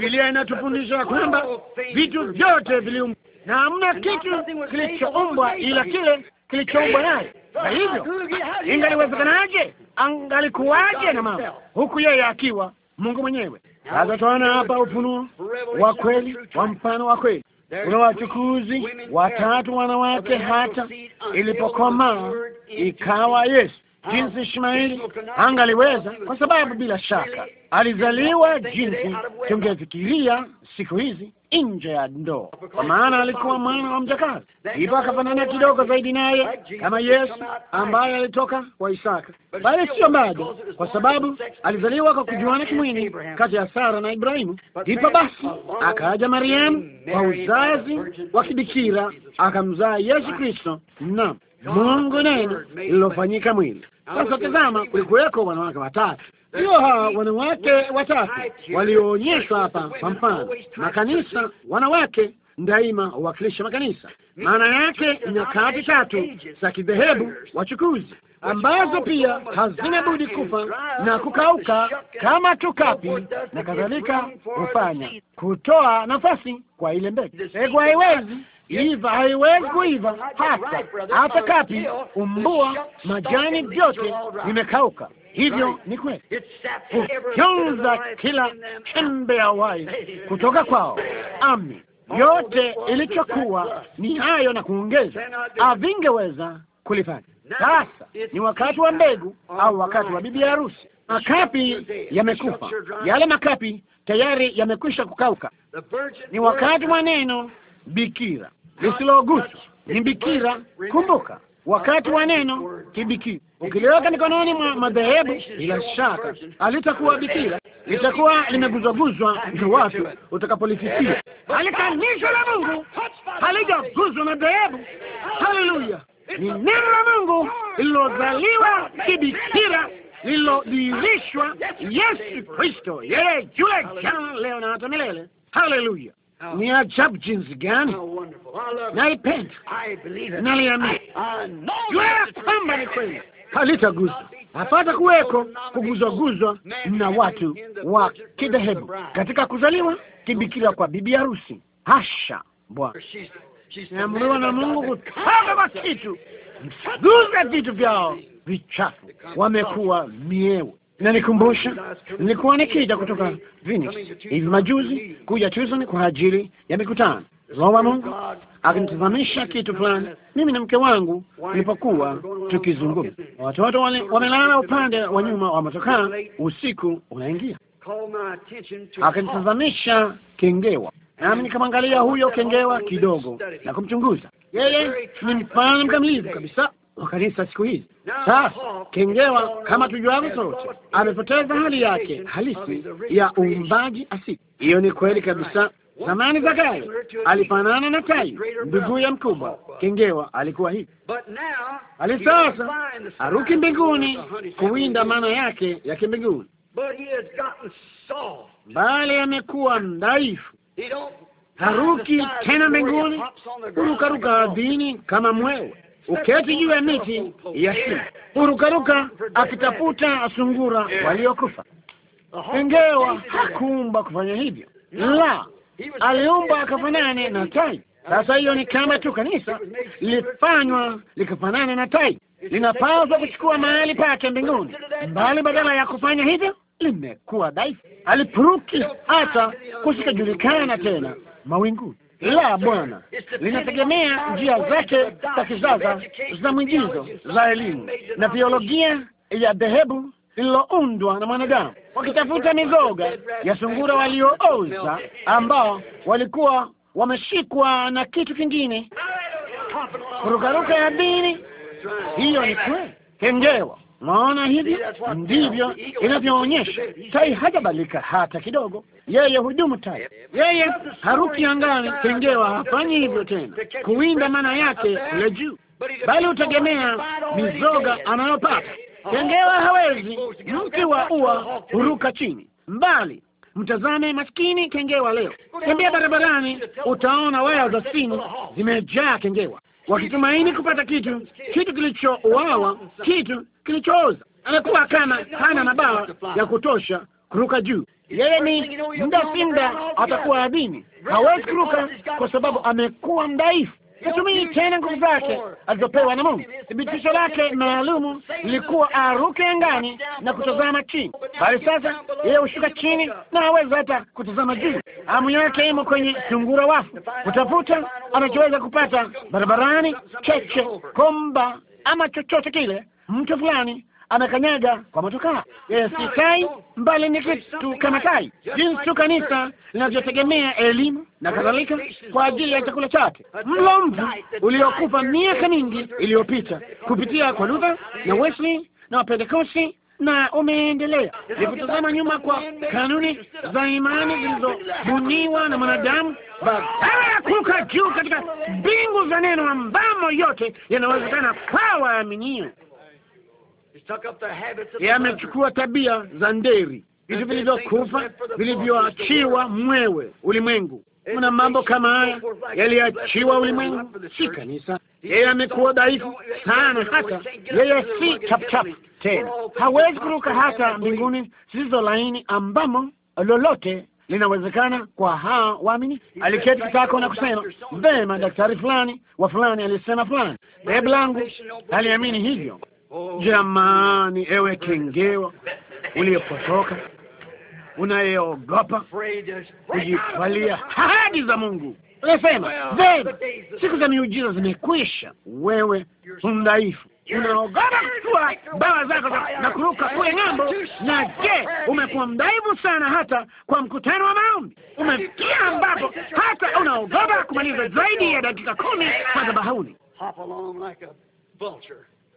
Biblia inatufundisha kwamba vitu vyote viliumbwa na hamna kitu kilichoumbwa ila kile kilichoumbwa naye. Kwa hivyo ingaliwezekanaje? Angalikuwaje na mama huku yeye akiwa Mungu mwenyewe? Sasa tunaona hapa ufunuo wa kweli wa mfano wa kweli. Kuna wachukuzi watatu wanawake, hata ilipokomaa ikawa Yesu jinsi Ishmaeli angaliweza, kwa sababu bila shaka alizaliwa jinsi tungefikiria siku hizi nje ya ndoo, kwa maana alikuwa mwana wa mjakazi. Hivyo akafanana kidogo zaidi naye kama Yesu ambaye alitoka kwa Isaka, bali sio bado, kwa sababu alizaliwa kwa kujuana kimwili kati ya Sara na Ibrahimu. Ndipo basi akaja Mariamu kwa uzazi wa kibikira akamzaa Yesu Kristo, na Mungu neno lilofanyika mwili. Sasa tazama, kulikuweko wanawake watatu. Hiyo hawa wanawake watatu walioonyeshwa hapa, kwa mfano makanisa, wanawake daima huwakilisha makanisa, maana yake nyakati tatu za kidhehebu wachukuzi, ambazo pia hazina budi kufa na kukauka kama tukapi na kadhalika, hufanya kutoa nafasi kwa ile mbegu. Haiwezi iva haiwezi kuiva hata hata kapi umbua majani vyote vimekauka. Hivyo ni kweli, kufyonza kila chembe ya wai kutoka kwao. Ami yote ilichokuwa ni hayo na kuongeza, avingeweza kulifanya. Sasa ni wakati wa mbegu au wakati wa bibi harusi. Makapi yamekufa, yale makapi tayari yamekwisha kukauka. Ni wakati wa neno bikira lisiloguswa, ni bikira. Kumbuka wakati wa neno kibikira, ukiliweka mikononi mwa madhehebu, bila shaka alitakuwa bikira, litakuwa limeguzwaguzwa ni watu utakapolifikia. Hali la Mungu halijaguzwa madhehebu. Haleluya! Ni neno la Mungu lililozaliwa kibikira lililodhihirishwa Yesu Kristo, yeye yule jana, leo na hata milele. Haleluya! Oh. Ni ajabu jinsi gani oh, naipenda, naliamini, jua ya kwamba ni kweli, halitaguswa hapata kuweko kuguzwaguzwa na watu wa kidhehebu katika kuzaliwa kibikira kwa bibi harusi. Hasha, Bwana naamriwa na Mungu kutoka kitu msiguze vitu vyao vichafu, wamekuwa miewe inanikumbusha nilikuwa nikija kutoka Venus hivi majuzi kuja Tucson kwa ajili ya mikutano. Roho wa Mungu akinitazamisha kitu fulani, mimi na mke wangu nilipokuwa tukizungumza. Watoto wamelala upande wa nyuma wa motokaa, usiku unaingia, akinitazamisha kengewa, nami nikamwangalia huyo kengewa kidogo na kumchunguza. Yeye ni mfano mkamilifu kabisa wa kanisa siku hizi. Sasa kengewa, kama tujuavyo sote, amepoteza hali yake halisi ya uumbaji asili. Hiyo ni kweli kabisa. Zamani kale alifanana na tai, ya mkubwa. Kengewa alikuwa hivi, bali sasa aruki mbinguni kuwinda maana yake ya kimbinguni, bali amekuwa mdhaifu haruki tena mbinguni, hurukaruka ardhini kama mwewe uketi juu ya miti ya shina, hurukaruka akitafuta sungura waliokufa. Ingewa hakuumba kufanya hivyo, la, aliumba akafanane na tai. Sasa hiyo ni kama tu kanisa lilifanywa likafanane na tai, linapaswa kuchukua mahali pake mbinguni, mbali badala ya kufanya hivyo limekuwa dhaifu, alipuruki hata kusikajulikana tena mawinguni la Bwana, linategemea njia zake za kizaza za mwingizo za elimu na biolojia ya dhehebu lililoundwa na mwanadamu, wakitafuta mizoga ya sungura waliooza ambao walikuwa wameshikwa na kitu kingine, kurukaruka ya dini. Hiyo ni kweli kengewa Maona hivi ndivyo inavyoonyesha. Tai hajabadilika hata kidogo, yeye hudumu tai, yeye haruki angani. Kengewa hafanyi hivyo tena, kuwinda maana yake kule juu, bali hutegemea mizoga anayopata. Kengewa uh-huh. hawezi, mti wa ua huruka chini mbali Mtazame maskini kengewa leo. Tembea barabarani, utaona waya za simu zimejaa kengewa wakitumaini kupata kitu, kitu kilichouawa, kitu kilichooza. Amekuwa kama hana mabawa ya kutosha kuruka juu. Yeye ni muda si muda atakuwa adini, hawezi kuruka kwa sababu amekuwa mdhaifu. Situmii tena nguvu zake alizopewa na Mungu. Thibitisho lake maalumu lilikuwa aruke angani na kutazama chini, bali sasa yeye hushuka chini na hawezi hata kutazama juu. Hamu yake imo kwenye chungura wafu, kutafuta anachoweza kupata barabarani, cheche, komba ama chochote kile, mtu fulani amekanyaga kwa motokaa. Yeye eh, si tai, mbali ni kitu kama tai, jinsi tu kanisa linavyotegemea elimu na kadhalika kwa ajili ya chakula chake. Mlo mvu uliokufa miaka mingi iliyopita kupitia kwa Luther na Wesley na Wapentekosti na umeendelea ni kutazama nyuma kwa kanuni za imani zilizobuniwa na mwanadamu, badala ya kuka juu katika mbingu za neno ambamo yote yanawezekana kwa waaminio yamechukua tabia za nderi, vitu vilivyokufa vilivyoachiwa mwewe ulimwengu. Kuna mambo kama haya yaliachiwa ulimwengu, si kanisa. Yeye amekuwa dhaifu sana, hata yeye si chapchap tena, hawezi kuruka hata mbinguni zilizo laini ambamo lolote linawezekana kwa hao waamini. Aliketi kitako na kusema vema, daktari fulani wa fulani alisema fulani, dhehebu langu haliamini hivyo. Jamani, ewe kengewa uliyepotoka, unayeogopa kujifalia ahadi za Mungu, unasema vema, siku za miujiza zimekwisha. Wewe mdaifu unaogopa kutua bawa zako na kuruka kule ng'ambo. Na je, umekuwa mdhaifu sana hata kwa mkutano wa maombi? Umefikia ambapo hata unaogopa kumaliza zaidi ya dakika kumi kwa madhabahuni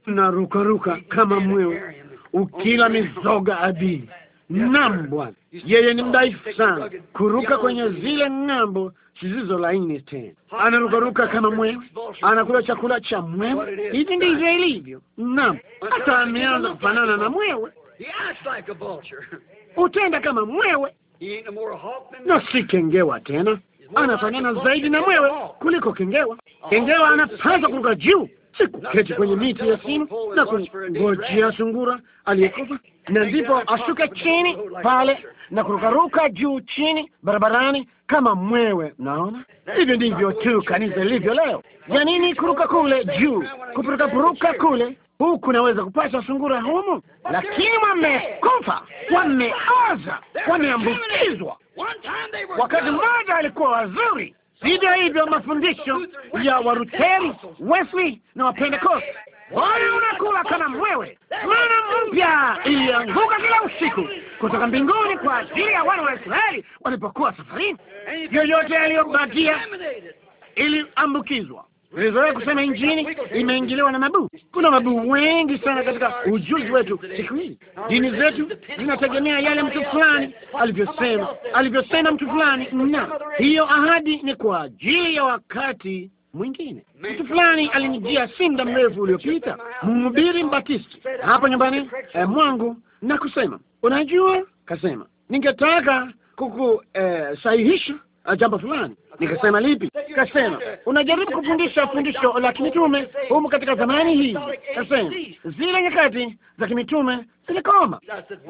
unarukaruka kama mwewe ukila mizoga adini. Naam Bwana, yeye ni mdhaifu sana kuruka kwenye zile ng'ambo zisizo laini tena, anarukaruka kama mwewe, anakula chakula cha mwewe. Hivi ndivyo ilivyo. Naam, hata ameanza kufanana na mwewe, utenda kama mwewe na si kengewa tena, anafanana zaidi na mwewe kuliko kengewa. Kengewa anapaswa kuruka juu sikuketi kwenye miti ya simu na kungojea sungura aliyekufa, na ndipo ashuke chini pale na kurukaruka juu chini barabarani kama mwewe. Mnaona, hivyo ndivyo tu kanisa lilivyo leo. Ya nini kuruka kule juu, kupurukapuruka kule huku, naweza kupata sungura humu, lakini wamekufa, wameoza, wameambukizwa. Wakati mmoja walikuwa wazuri Vivyo hivyo mafundisho ya waruteri Wesley na Wapentekoste, wao unakula kama mwewe. Mana mpya ilianguka kila usiku kutoka mbinguni kwa ajili ya wana wa Israeli walipokuwa safarini. Yoyote aliyobakia iliambukizwa Tulizoea kusema injini imeingiliwa na mabuu. Kuna mabuu wengi sana katika ujuzi wetu siku hizi. Dini zetu zinategemea yale mtu fulani alivyosema, alivyosema mtu fulani, na hiyo ahadi ni kwa ajili ya wakati mwingine. Mtu fulani alinijia si muda mrefu uliopita, mhubiri Mbatisti hapo nyumbani eh, mwangu na kusema, unajua, kasema ningetaka kukusahihisha eh, Ah, jambo fulani. Nikasema lipi? Kasema unajaribu kufundisha fundisho la kimitume humu katika zamani hii. Kasema zile nyakati za kimitume zilikoma.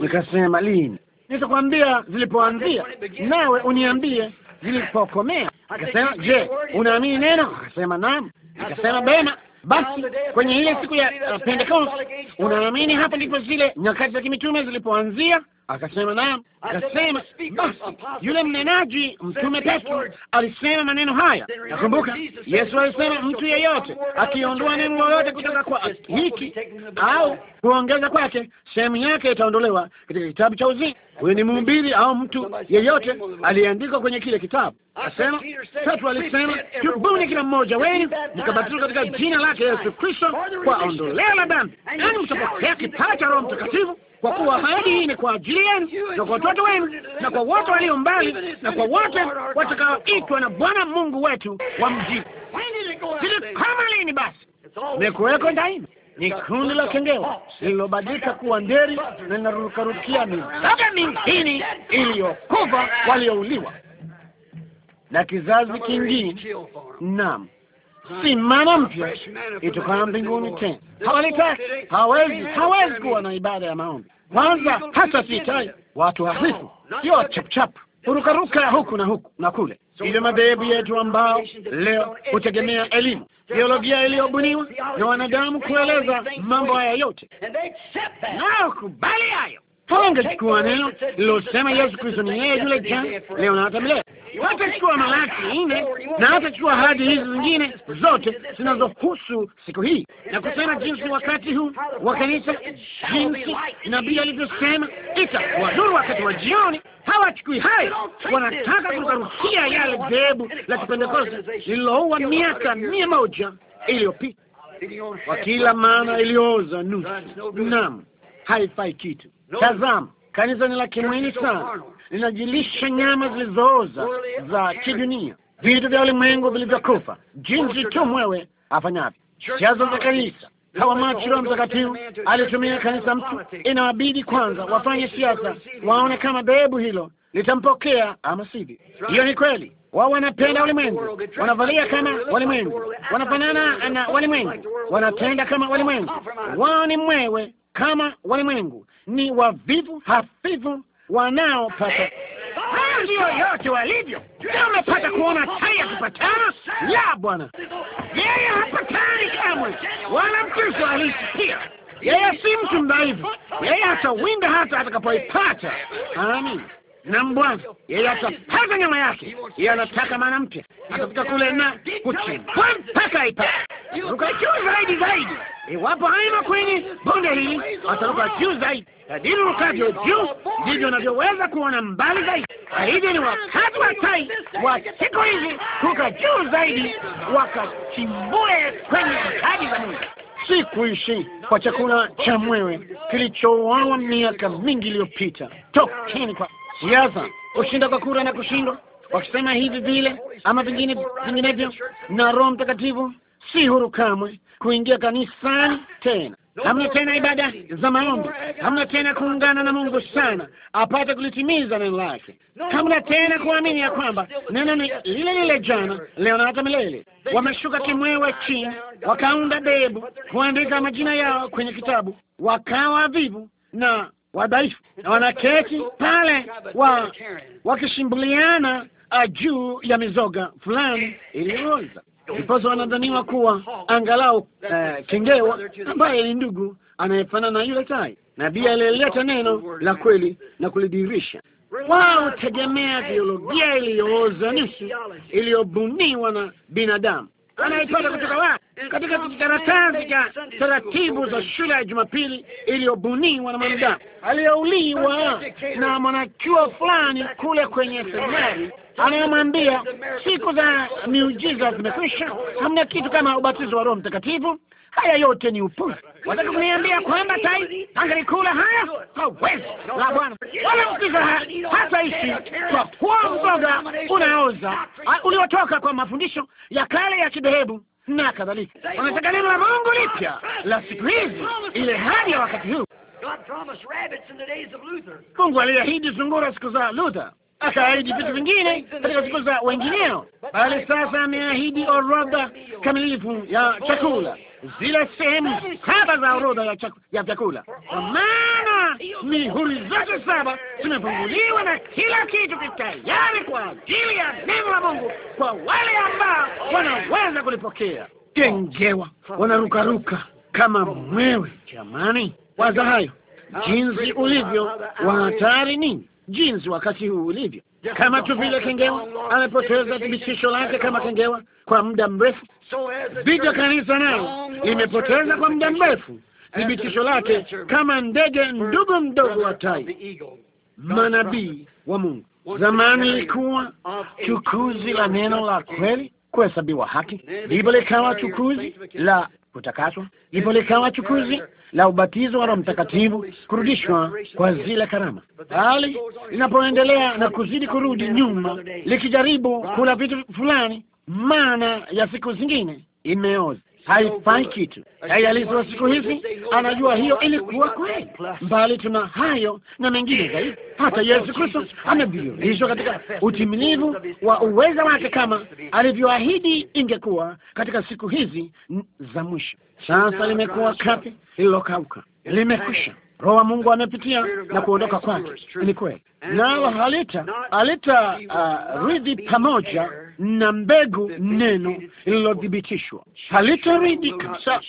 Nikasema lini? Nitakwambia zilipoanzia, nawe uniambie zilipokomea. Akasema, je, unaamini neno? Akasema naam. Nikasema bema basi kwenye ile siku ya Pentecost, unaamini hapo ndipo zile nyakati za kimitume zilipoanzia? Akasema naam, akasema basi, yule mnenaji mtume Petro alisema maneno haya. Nakumbuka Yesu alisema, mtu yeyote akiondoa neno lolote kutoka kwa hiki au kuongeza kwake, sehemu yake itaondolewa katika kitabu cha uzima. Huyo ni mhubiri au mtu yeyote aliyeandikwa kwenye kile kitabu. Asema Petro alisema, tubuni kila mmoja wenu mkabatizwa katika jina lake Yesu Kristo kwa ondoleo la dhambi, nani mtapokea kipawa cha Roho Mtakatifu kwa kuwa hadi hii ni kwa ajili yenu na kwa watoto wenu na kwa wote walio mbali na kwa wote watakaoitwa na Bwana Mungu wetu wa mjini. Sili kama lini basi imekuweko daima, ni kundi la kengewa lililobadilika kuwa nderi na linarukarukia misaga mingine iliyokufa waliouliwa na kizazi kingine. Naam si mana mpya itokana mbinguni tena. Hawalitaki, hawezi, hawezi kuwa na ibada ya maombi kwanza, hata sitai watu hafifu, sio chapuchapu hurukaruka huku na huku na kule. Hivyo madhehebu yetu ambao leo hutegemea elimu, biolojia iliyobuniwa na wanadamu kueleza mambo haya yote, nao kubali hayo chukua neno lilosema Yesu Kristo ni yeye yule jana leo na hata milele. Malaki nne na hatachukua hadi hizi zingine zote zinazohusu siku hii na kusema jinsi wakati huu wa kanisa, jinsi nabii alivyosema itawadhuru wakati wa jioni. Hawachukui hayo, wanataka kukarukia yale dhehebu la Kipentekoste lililoua miaka mia moja iliyopita kwa kila maana iliyooza nusu. Naam, haifai kitu. Tazama, kanisa ni la kimwili sana, linajilisha nyama zilizooza za kidunia, vitu vya ulimwengu vilivyokufa, jinsi tu mwewe afanyavyo. Chazo za kanisa hawamachi Roho Mtakatifu alitumia kanisa mtu, inawabidi kwanza wafanye siasa, waone kama dhehebu hilo litampokea ama sivyo. Hiyo ni kweli. Wao wanapenda walimwengu, wanavalia kama walimwengu, wanafanana na walimwengu, wanatenda kama walimwengu. Wao ni mwewe kama walimwengu, ni wavivu hafifu wanaopata ndio yote walivyo. Unapata kuona tai kupatana? La, bwana, yeye hapatani kamwe, wala Mkristo halisi pia. Yeye si mtu mdhaifu, yeye hatawinda hata atakapoipata. Amin. Na Bwana yeye atapata nyama yake, yeye anataka maana mpya, atafika kule na kuchukua mpaka ipate ukaikiwa zaidi zaidi Iwapo aima kwenye bonde hili, wataruka juu zaidi. Kadiri rukavyo juu, ndivyo unavyoweza kuona mbali zaidi. na hivyo ni wakati wa tai wa siku hizi kuka juu zaidi, wakachimbue kwenye hadi za Mungu. Si kuishi kwa chakula cha mwewe kilichowawa miaka mingi iliyopita. Tokeni kwa siasa, kushinda kwa kura na kushindwa, wakisema hivi vile ama vingine vinginevyo, na Roho Mtakatifu si huru kamwe kuingia kanisani tena. Hamna tena ibada za maombi, hamna tena kuungana na Mungu sana apate kulitimiza neno lake. Hamna tena kuamini ya kwamba neno ni lile lile jana, leo na hata milele. Wameshuka kimwewe chini, wakaunda bebu, kuandika majina yao kwenye kitabu, wakawa vivu na wadhaifu, na wanaketi pale wa wakishimbuliana ah, juu ya mizoga fulani iliyooza. Ndiposa anadhaniwa kuwa angalau eh, kengewa ambaye ni ndugu anayefanana na yule tai. Nabii alileta neno la kweli na kulidhihirisha. Wao tegemea biolojia iliyooza nusu iliyobuniwa na binadamu anaipata kutoka wapi? Katika kijikaratasi cha taratibu za shule ya Jumapili iliyobuniwa na mwanadamu aliyouliwa na mwanachuo fulani kule kwenye seminari, anayemwambia siku za miujiza zimekwisha, hamna kitu kama ubatizo wa Roho Mtakatifu Haya yote ni upuzi. Wataka kuniambia kwamba tai angalikula haya? Hawezi la Bwana, wala hata hataishi kwa kuwa mzoga unaoza uliotoka kwa mafundisho ya kale ya kidhehebu na kadhalika. Wanataka neno la Mungu lipya la siku hizi, ile hali ya wakati huu. Mungu aliahidi zungura siku za Luther akaahidi vitu vingine katika siku za wengineo, bali sasa ameahidi orodha kamilifu ya chakula, zile sehemu saba za orodha ya, ya vyakula, kwa maana mihuri zote saba zimefunguliwa na kila kitu kitayari kwa ajili ya neno la Mungu kwa wale ambao wanaweza kulipokea. Jengewa wanarukaruka kama mwewe. Jamani, waza hayo jinsi ulivyo wa hatari nini jinsi wakati huu ulivyo, kama tu vile kengewa amepoteza thibitisho lake kama kengewa kwa muda mrefu, vivyo kanisa nayo limepoteza kwa muda mrefu thibitisho lake kama ndege ndogo mdogo wa tai. Manabii wa Mungu zamani ilikuwa chukuzi la neno la kweli kuhesabiwa haki, ndipo likawa chukuzi la kutakaswa, ndipo likawa chukuzi la ubatizo wa Roho Mtakatifu, kurudishwa kwa zile karama, bali linapoendelea na kuzidi kurudi nyuma, likijaribu kula vitu fulani, maana ya siku zingine imeoza haifai kitu. Yeye alizua siku hizi, anajua hiyo ilikuwa kweli. Mbali tuna hayo na mengine zaidi. Hata Yesu Kristo amedhihirishwa katika utimilivu wa uweza wake kama alivyoahidi ingekuwa katika siku hizi za mwisho. Sasa limekuwa kapi lililokauka, limekwisha. Roho wa Mungu amepitia na kuondoka kwake, ni kweli, nalo halita alita uh, ridhi pamoja na mbegu neno lililothibitishwa halitaridi kabisa,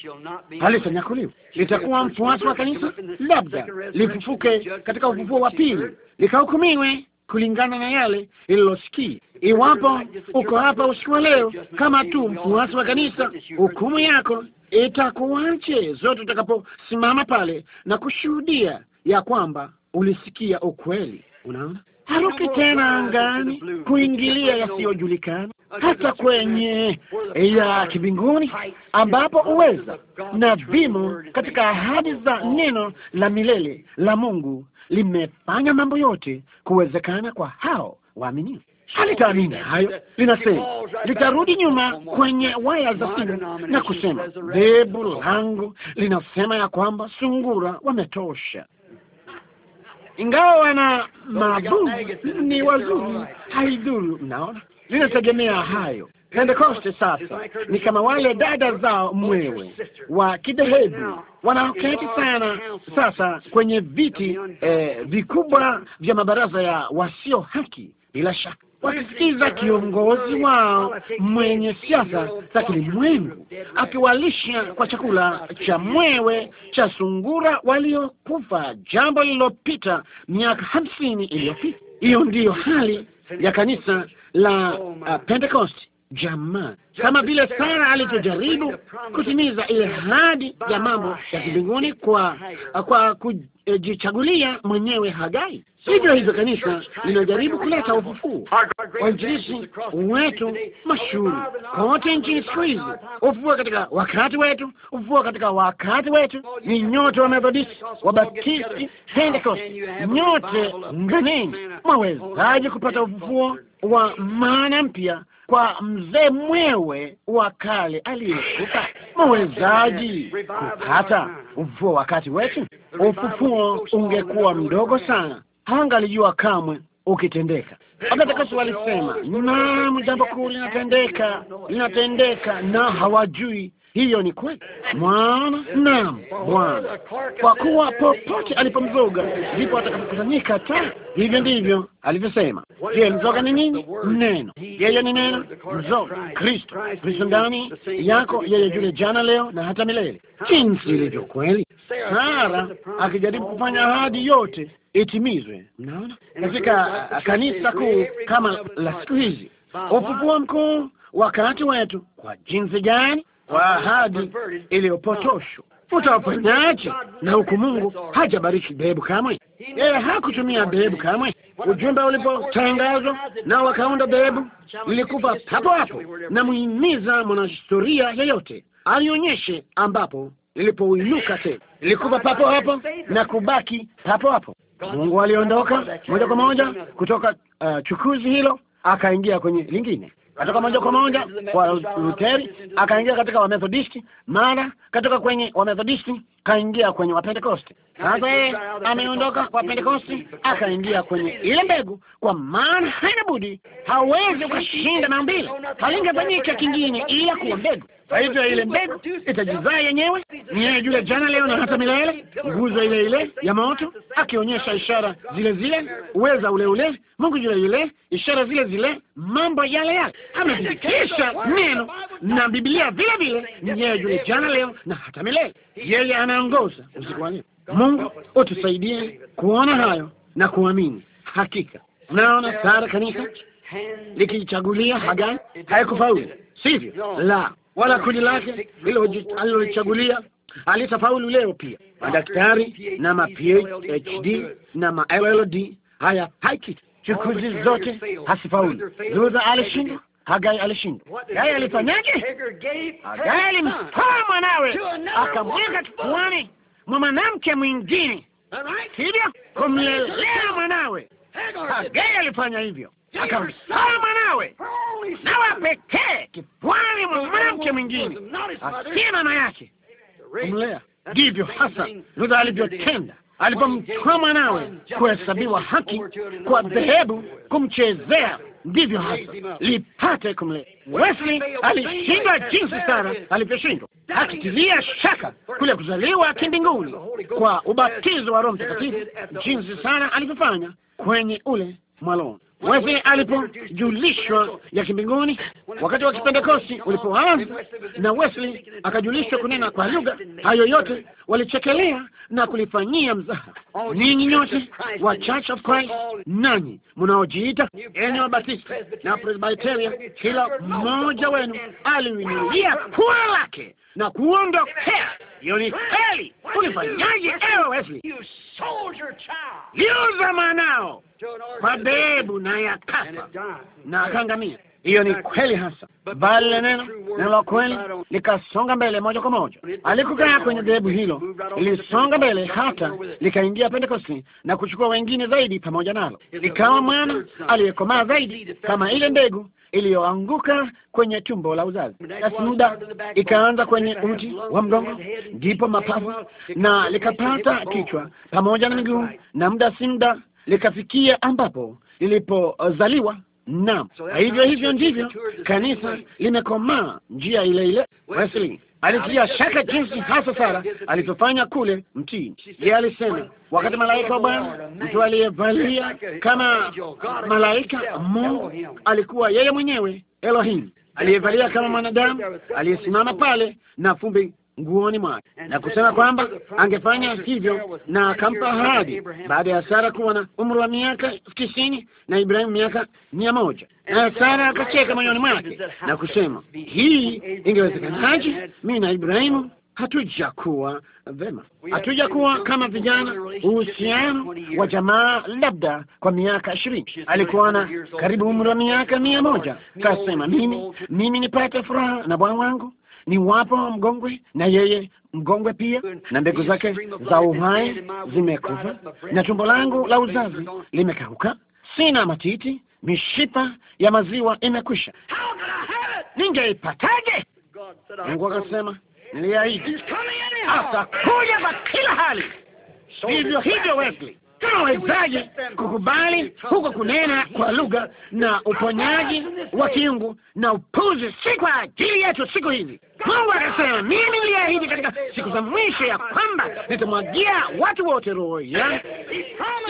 halitanyakuliwa. Litakuwa mfuasi wa kanisa, labda lifufuke katika ufufuo wa pili, likahukumiwe kulingana na yale lililosikia. Iwapo uko hapa usiku wa leo kama tu mfuasi wa kanisa, hukumu yako itakuwache zote utakaposimama pale na kushuhudia ya kwamba ulisikia ukweli. Unaona, haruki tena angani kuingilia yasiyojulikana, hata kwenye ya kibinguni ambapo uweza na vimo katika ahadi za neno la milele la Mungu limefanya mambo yote kuwezekana kwa hao waaminifu. Halitaamini hayo, linasema litarudi nyuma kwenye waya za simu na kusema, dhehebu langu linasema ya kwamba sungura wametosha ingawa wana maabudu ni wazuri, haidhuru. Mnaona, linategemea hayo. Pentekoste sasa ni kama wale dada zao mwewe wa kidhehebu wanaoketi sana sasa kwenye viti eh, vikubwa vya mabaraza ya wasio haki bila shaka wakisikiza kiongozi wao mwenye siasa za kilimwengu akiwalisha kwa chakula cha mwewe cha sungura waliokufa, jambo lililopita miaka hamsini iliyopita. Hiyo ndiyo hali ya kanisa la uh, Pentekosti jamaa, kama vile Sara alivyojaribu kutimiza ile ahadi ya mambo ya kibinguni kwa kwa kujichagulia mwenyewe Hagai. Hivyo hivyo kanisa linajaribu kuleta ufufuo wa wetu mashuhuri kote nchini siku hizi, ufufuo katika wakati wetu, ufufuo katika wakati wetu. Ni nyote wa Methodisti, wa Baptisti, Pentekoste, nyote nganeni, mwawezaje kupata ufufuo wa maana mpya kwa mzee mwewe wa kale aliyekufa. Mwezaji kupata ufufuo wakati wetu? Ufufuo ungekuwa mdogo sana, hangalijua kamwe ukitendeka. Wagatakasu walisema, naam, jambo kuu linatendeka, linatendeka, na hawajui hiyo ni kweli, mwana naam, Bwana, kwa kuwa popote alipomzoga ndipo atakapokusanyika ta. Hivyo ndivyo alivyosema. Je, mzoga ni nini? Neno. Yeye ni neno, mzoga Kristo, Kristo ndani yako, yeye yule jana, leo na hata milele. Jinsi ilivyo kweli, Sara akijaribu kufanya ahadi yote itimizwe, mnaona katika kanisa kuu kama la siku hizi, ufufuo mkuu wakati wetu, kwa jinsi gani wa ahadi iliyopotoshwa. Utawafanyaje na huku Mungu hajabariki dhehebu kamwe? Yeye hakutumia dhehebu kamwe. Ujumbe ulipotangazwa na wakaunda dhehebu lilikufa papo hapo. Namhimiza mwanahistoria yeyote alionyeshe ambapo ilipoinuka tena, lilikufa papo hapo na kubaki papo hapo. Mungu aliondoka moja kwa moja kutoka uh, chukuzi hilo akaingia kwenye lingine katoka moja kwa moja kwa Lutheri akaingia katika Wamethodisti, mara katoka kwenye Wamethodisti kaingia kwenye Wapentekosti. Sasa yeye ameondoka kwa Pentekosti akaingia kwenye ile mbegu, kwa maana haina budi, hawezi ukashinda maumbile. Halingefanyika kingine ila kuwa mbegu. Kwa hivyo ile mbegu itajizaa yenyewe, ni yeye yule jana, leo na hata milele, nguzo ile ile ya moto, akionyesha ishara zile zile, uweza ule ule, Mungu yule yule, ishara zile zile, mambo yale yale. Amethibitisha neno na Biblia vile vile, ni yeye yule jana, leo na hata milele yeye anaongoza usiku wa leo. Mungu utusaidie kuona hayo na kuamini. Hakika mnaona Sara kanisa likichagulia Hagai haikufaulu, sivyo? La, wala kundi lake alilolichagulia alitafaulu leo pia. Madaktari na PhD na LLD, haya haiki chukuzi zote hasifaulu. Luther alishindwa Hagai alishindwa. Yeye alifanyaje? Hagai alimtoa mwanawe akamweka kifuani mwa mwanamke mwingine, hivyo kumlelea mwanawe. Hagai alifanya hivyo, akamtoa mwanawe nawa pekee kifuani mwa mwanamke mwingine asiye mama yake kumlea. Ndivyo hasa Luther alivyotenda alipomchukua mwanawe kuhesabiwa haki kwa dhehebu kumchezea, ndivyo hasa lipate kumle. Wesley alishindwa jinsi Sara alivyoshindwa, akitilia shaka kule kuzaliwa kimbinguni kwa ubatizo wa Roho Mtakatifu, jinsi Sara alivyofanya kwenye ule mwaloni. Wesley alipojulishwa ya kimbinguni wakati wa kipentekosti ulipoanza, na Wesley akajulishwa kunena kwa lugha, hayo yote walichekelea na kulifanyia mzaha. Ninyi nyote wa Church of Christ, nanyi mnaojiita enye Wabatista na Presbyteria, kila mmoja wenu aliwinulia kura lake na kuondokea. Hiyo ni kweli. Ulifanyaje ewe Wesley? Liuza mwanao kwa dhehebu, naye akafa na akangamia. Hiyo ni kweli hasa, bali la neno neno la kweli likasonga mbele moja kwa moja. Alikukaa kwenye dhehebu hilo, lilisonga mbele hata likaingia Pentekosti na kuchukua wengine zaidi pamoja nalo, likawa mwana aliyekomaa zaidi, kama ile mbegu iliyoanguka kwenye tumbo la uzazi. Basi muda ikaanza kwenye uti wa mgongo, ndipo mapafu, na likapata kichwa pamoja na miguu, na muda si muda likafikia ambapo lilipozaliwa Naam, kwa hivyo hivyo ndivyo kanisa limekomaa, njia ile ile. Wesley alitia shaka jinsi hasa Sara alivyofanya kule mtini. Yeye alisema wakati malaika wa Bwana, mtu aliyevalia kama malaika Mungu, alikuwa yeye mwenyewe Elohim aliyevalia kama mwanadamu, aliyesimama pale na fumbi nguoni mwake na kusema kwamba angefanya hivyo, na akampa ahadi baada ya Sara kuwa na umri wa miaka tisini na Ibrahimu miaka mia moja. Na Sara akacheka moyoni mwake na kusema, hii ingewezekanaje? Mimi na Ibrahimu hatujakuwa vema, hatujakuwa kama vijana, uhusiano wa jamaa labda kwa miaka ishirini. Alikuwa na karibu umri wa miaka mia moja. Kasema, mimi mimi nipate furaha na bwana wangu ni wapo mgongwe na yeye mgongwe pia, na mbegu zake za uhai zimekufa, na tumbo langu la uzazi limekauka, sina matiti, mishipa ya maziwa imekwisha. Ningeipataje? Mungu akasema, niliahidi atakuja kwa kila hali. Hivyo hivyo Wesley kama wawezaje kukubali huko kunena kwa lugha na uponyaji wa kiungu na upuzi, si kwa ajili yetu siku hizi. Mungu akasema, mimi niliahidi katika siku za mwisho ya kwamba nitamwagia watu wote roho yangu.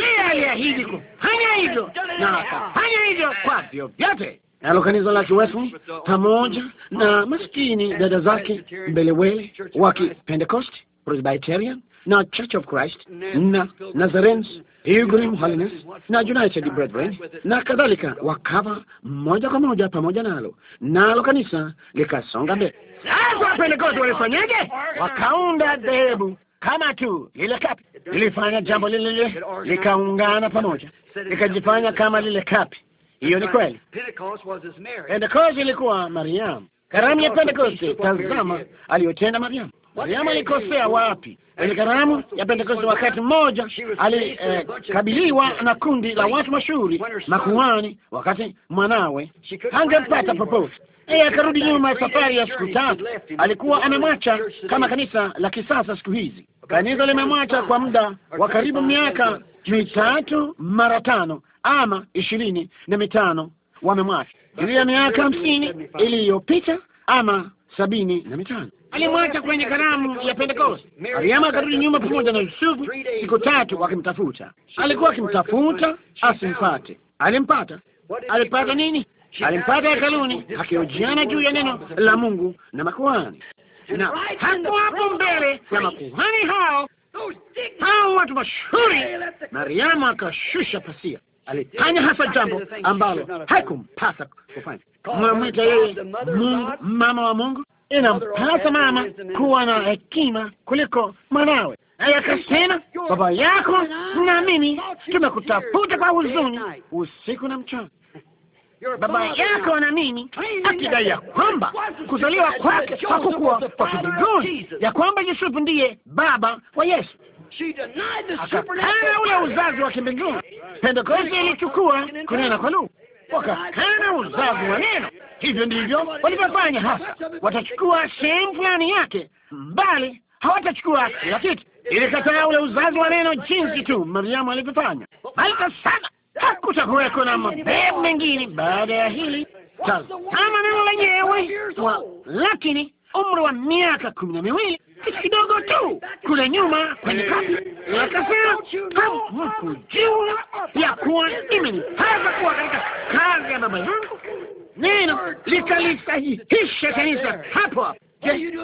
Yeye aliahidi kufanya hivyo na akafanya hivyo kwa vyovyote nalo kanisa la kiwefu pamoja na maskini dada zake mbelewele wa Kipentekosti, Presbyterian na Church of Christ na Nazarenes Pilgrim Holiness na United Brethren na kadhalika, wakava moja kwa moja pamoja nalo, nalo kanisa likasonga mbele. Sasa Wapentekoste walifanyaje? Wakaunda dhehebu kama tu lile kapi lilifanya jambo lile lile, likaungana pamoja, likajifanya kama lile kapi. Hiyo ni kweli. Pentekoste ilikuwa Mariamu, karamu ya Pentekoste. Tazama aliyotenda Mariamu. Mariamu alikosea wapi? kwenye karamu ya Pentekoste, wakati mmoja alikabiliwa eh, na kundi la watu mashuhuri makuhani, wakati mwanawe hangepata popote. Yeye akarudi nyuma ya safari ya siku tatu. Alikuwa amemwacha kama kanisa la kisasa siku hizi. Kanisa limemwacha kwa muda wa karibu miaka mitatu mara tano ama ishirini na mitano wamemwacha juu ya miaka hamsini iliyopita ama sabini na mitano alimwacha kwenye karamu ya Pentekoste. Mariamu akarudi nyuma pamoja na Yusufu siku tatu akimtafuta, alikuwa akimtafuta asimpate. Alimpata. Alipata nini? Alimpata hekaluni akihojiana juu ya neno la Mungu na makuhani, na hapo hapo mbele ya makuhani hao hao watu mashuhuri, Mariamu akashusha pasia. Alifanya hasa jambo ambalo haikumpasa kufanya, mwamwita yeye Mungu, mama wa Mungu inampasa mama kuwa na hekima kuliko mwanawe. Naye akasema, baba yako na mimi tumekutafuta kwa huzuni usiku na mchana. Baba yako na mimi akidai ya kwamba kuzaliwa kwake hakukuwa kwa kibigoni, ya kwamba Yusufu ndiye baba wa Yesu, akakana ule uzazi wa kimbinguni. Pentekoste ilichukua kunena kwa lugha wakakana uzazi wa neno. Hivyo ndivyo walivyofanya hasa, watachukua sehemu fulani yake, bali hawatachukua kila kitu. Ilikataa ule uzazi wa neno jinsi tu Mariamu alivyofanya, bali kwa sasa hakutakuweko na mabebu mengine baada ya hili. Tazama neno lenyewe, lakini umri wa miaka kumi na miwili kitu kidogo tu kule nyuma kwenye eh, kapi, eh. akasema hamkujua ya kuwa imenipasa kuwa katika kazi ya baba yangu. Neno likalisahihisha kanisa hapo hapo.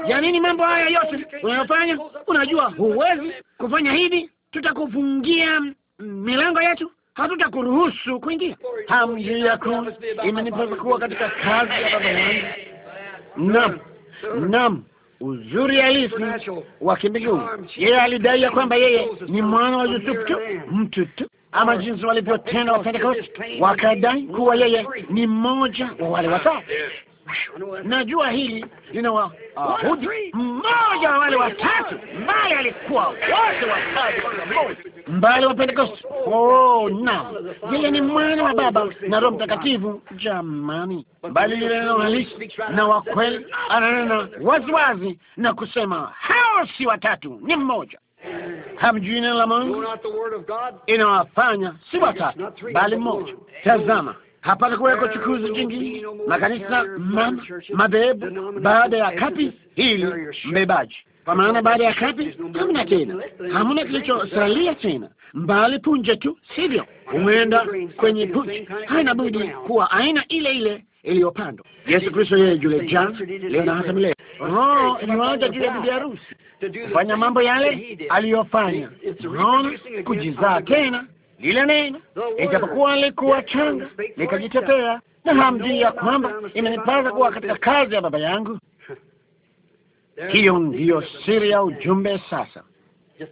Ya nini mambo haya yote unayofanya? Unajua huwezi kufanya hivi, tutakufungia milango yetu, hatutakuruhusu kuingia. Hamjui ya kuwa imenipasa kuwa katika kazi ya baba yangu. Naam, naam uzuri halisi wa kimbinguni. Yeye alidai ya kwamba yeye ni mwana wa Yusufu tu, mtu tu, ama jinsi walivyotenda Wapentekoste, wakadai kuwa yeye ni mmoja wa wale watatu najua hili lina ah. hudi Mmoja wa wale watatu mbali alikuwa wote wamoja mbali wa Pentekoste. Oh, naam, yeye ni mwana wa Baba na Roho Mtakatifu. Jamani, bali lile neno halisi na wa kweli, ananena waziwazi na kusema hao si watatu, ni mmoja. Hamjui neno la Mungu, inawafanya si watatu bali mmoja. Tazama hapata kuweko chukuzi jingi, makanisa mama madhehebu, baada ya kapi hili mbebaji, kwa maana baada ya kapi hamna tena, hamna kilichosalia tena, mbali punje tu, sivyo? Umeenda kwenye punje, haina budi kuwa aina ile ile iliyopandwa. Yesu Kristo yeye yule jana, leo na hata milele. Roho niwaja juu ya bibi harusi kufanya mambo yale aliyofanya, naona kujizaa tena lile neno, ijapokuwa nilikuwa changa, nikajitetea na hamjui ya kwamba imenipasa kuwa katika kazi ya Baba yangu. Hiyo ndiyo siri ya ujumbe. Sasa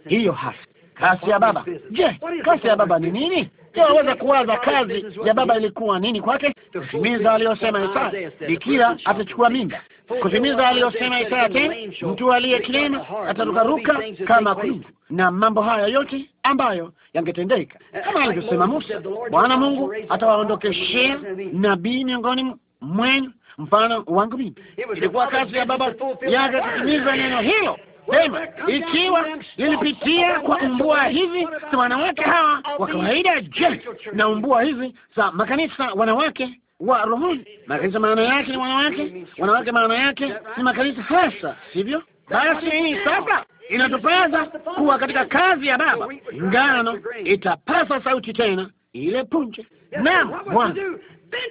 hiyo hasa kazi ya Baba. Je, kazi ya Baba ni nini? Waweza kuwaza kazi ya Baba ilikuwa nini kwake? Kutimiza aliyosema Isaya, bikira atachukua mimba kutimiza aliyosema Isaya tena, mtu aliye kilema atarukaruka kama kudu, na mambo haya yote ambayo yangetendeka kama alivyosema Musa, Bwana Mungu atawaondokeshea nabii miongoni mwenu mfano wangu mimi. Ilikuwa kazi ya baba yake kutimiza neno hilo. Sema ikiwa lilipitia kwa umbua hizi za wanawake hawa wa kawaida, je, na umbua hizi za makanisa wanawake wa rohoni. Makanisa maana yake ni wanawake, wanawake maana yake ni makanisa hasa, sivyo? Basi hii sasa inatupasa kuwa katika kazi ya Baba. Ngano itapasa sauti tena ile punje. Naam Bwana,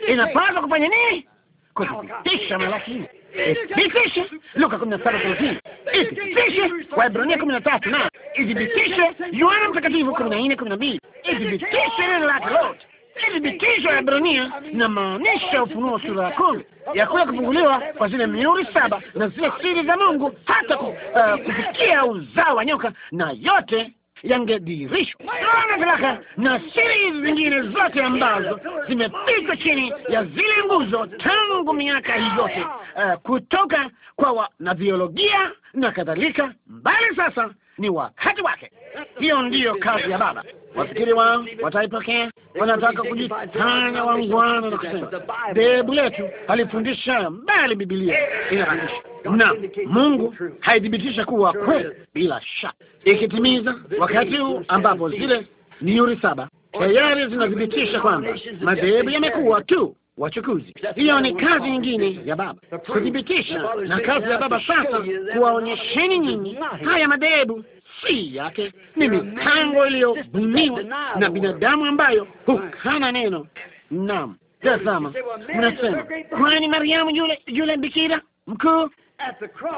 inapaswa kufanya nini? Kuthibitisha malakini ithibitishe Luka kumi na saba thelathini, ithibitishe Waebrania kumi na tatu na ithibitishe Yohana Mtakatifu kumi na nne kumi na mbili, ithibitishe neno lake lote thibitisho ya Ibrania inamaanisha Ufunuo sura ya kumi ya kule kufunguliwa kwa zile mihuri saba na zile siri za Mungu hata ku, uh, kufikia uzao wa nyoka na yote yangedirishwa ana talaka na siri hizi zingine zote ambazo zimepigwa chini ya zile nguzo tangu miaka hii yote, uh, kutoka kwa wanabiolojia na kadhalika. Mbali sasa ni wakati wake. Hiyo ndiyo kazi ya Baba wafikiri wao wataipokea. Wanataka kujitanya wangwana na kusema dhehebu letu halifundisha, bali Biblia inafundisha. Na Mungu haithibitisha kuwa kweli, bila shaka ikitimiza wakati huu ambapo zile niuri saba tayari zinathibitisha kwamba madhehebu yamekuwa tu wachukuzi. Hiyo ni kazi nyingine ya Baba kuthibitisha, na kazi ya Baba sasa kuwaonyesheni nyinyi haya madhehebu si yake ni mipango iliyobuniwa na binadamu ambayo hukana neno. Naam, tazama, mnasema kwani Mariamu yule yule bikira mkuu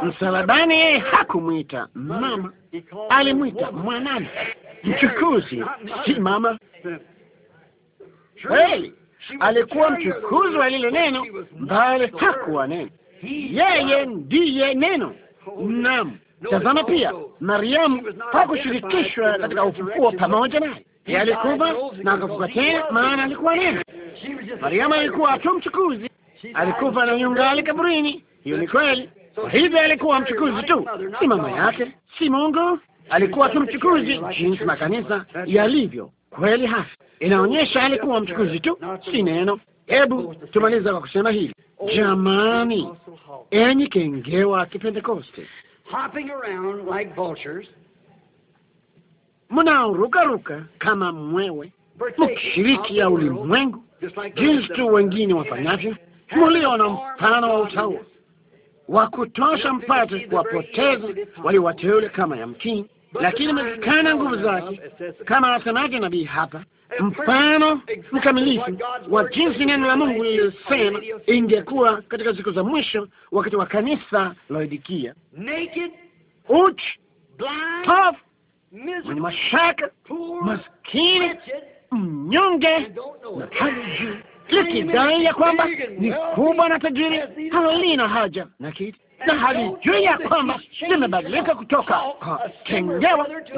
msalabani, yeye hakumwita mama, alimwita mwanani, mchukuzi, si mama. Kweli alikuwa mchukuzi wa lile neno, bali hakuwa neno, yeye ndiye neno. Naam. Tazama pia, Mariamu hakushirikishwa katika ufufuo pamoja naye. Yeye alikufa na akafuka tena, maana alikuwa neno. Mariamu alikuwa tu mchukuzi, alikufa na yungali kaburini. Hiyo ni kweli. Kwa hivyo alikuwa mchukuzi tu, si mama yake, si Mungu. Alikuwa tu mchukuzi, jinsi makanisa yalivyo. Kweli hasa inaonyesha alikuwa mchukuzi tu, si neno. Hebu tumaliza kwa kusema hivi, oh, jamani, enyi kengewa Kipentekoste, like mnaorukaruka kama mwewe mkishiriki ya ulimwengu jinsi tu wengine wafanyavyo, mulio na mpano wa utaua wa kutosha mpate kuwapoteza waliowateule kama yamkini, lakini imezikana nguvu zake, kama asemaje nabii hapa mfano mkamilifu wa jinsi neno la Mungu lilisema ingekuwa katika siku za mwisho, wakati wa kanisa Laodikia, uchi, tofu, mwenye mashaka, maskini, mnyonge na hali likidai ya kwamba ni kubwa na tajiri, halina haja na kitu na juu ya kwamba limebadilika kutoka kwa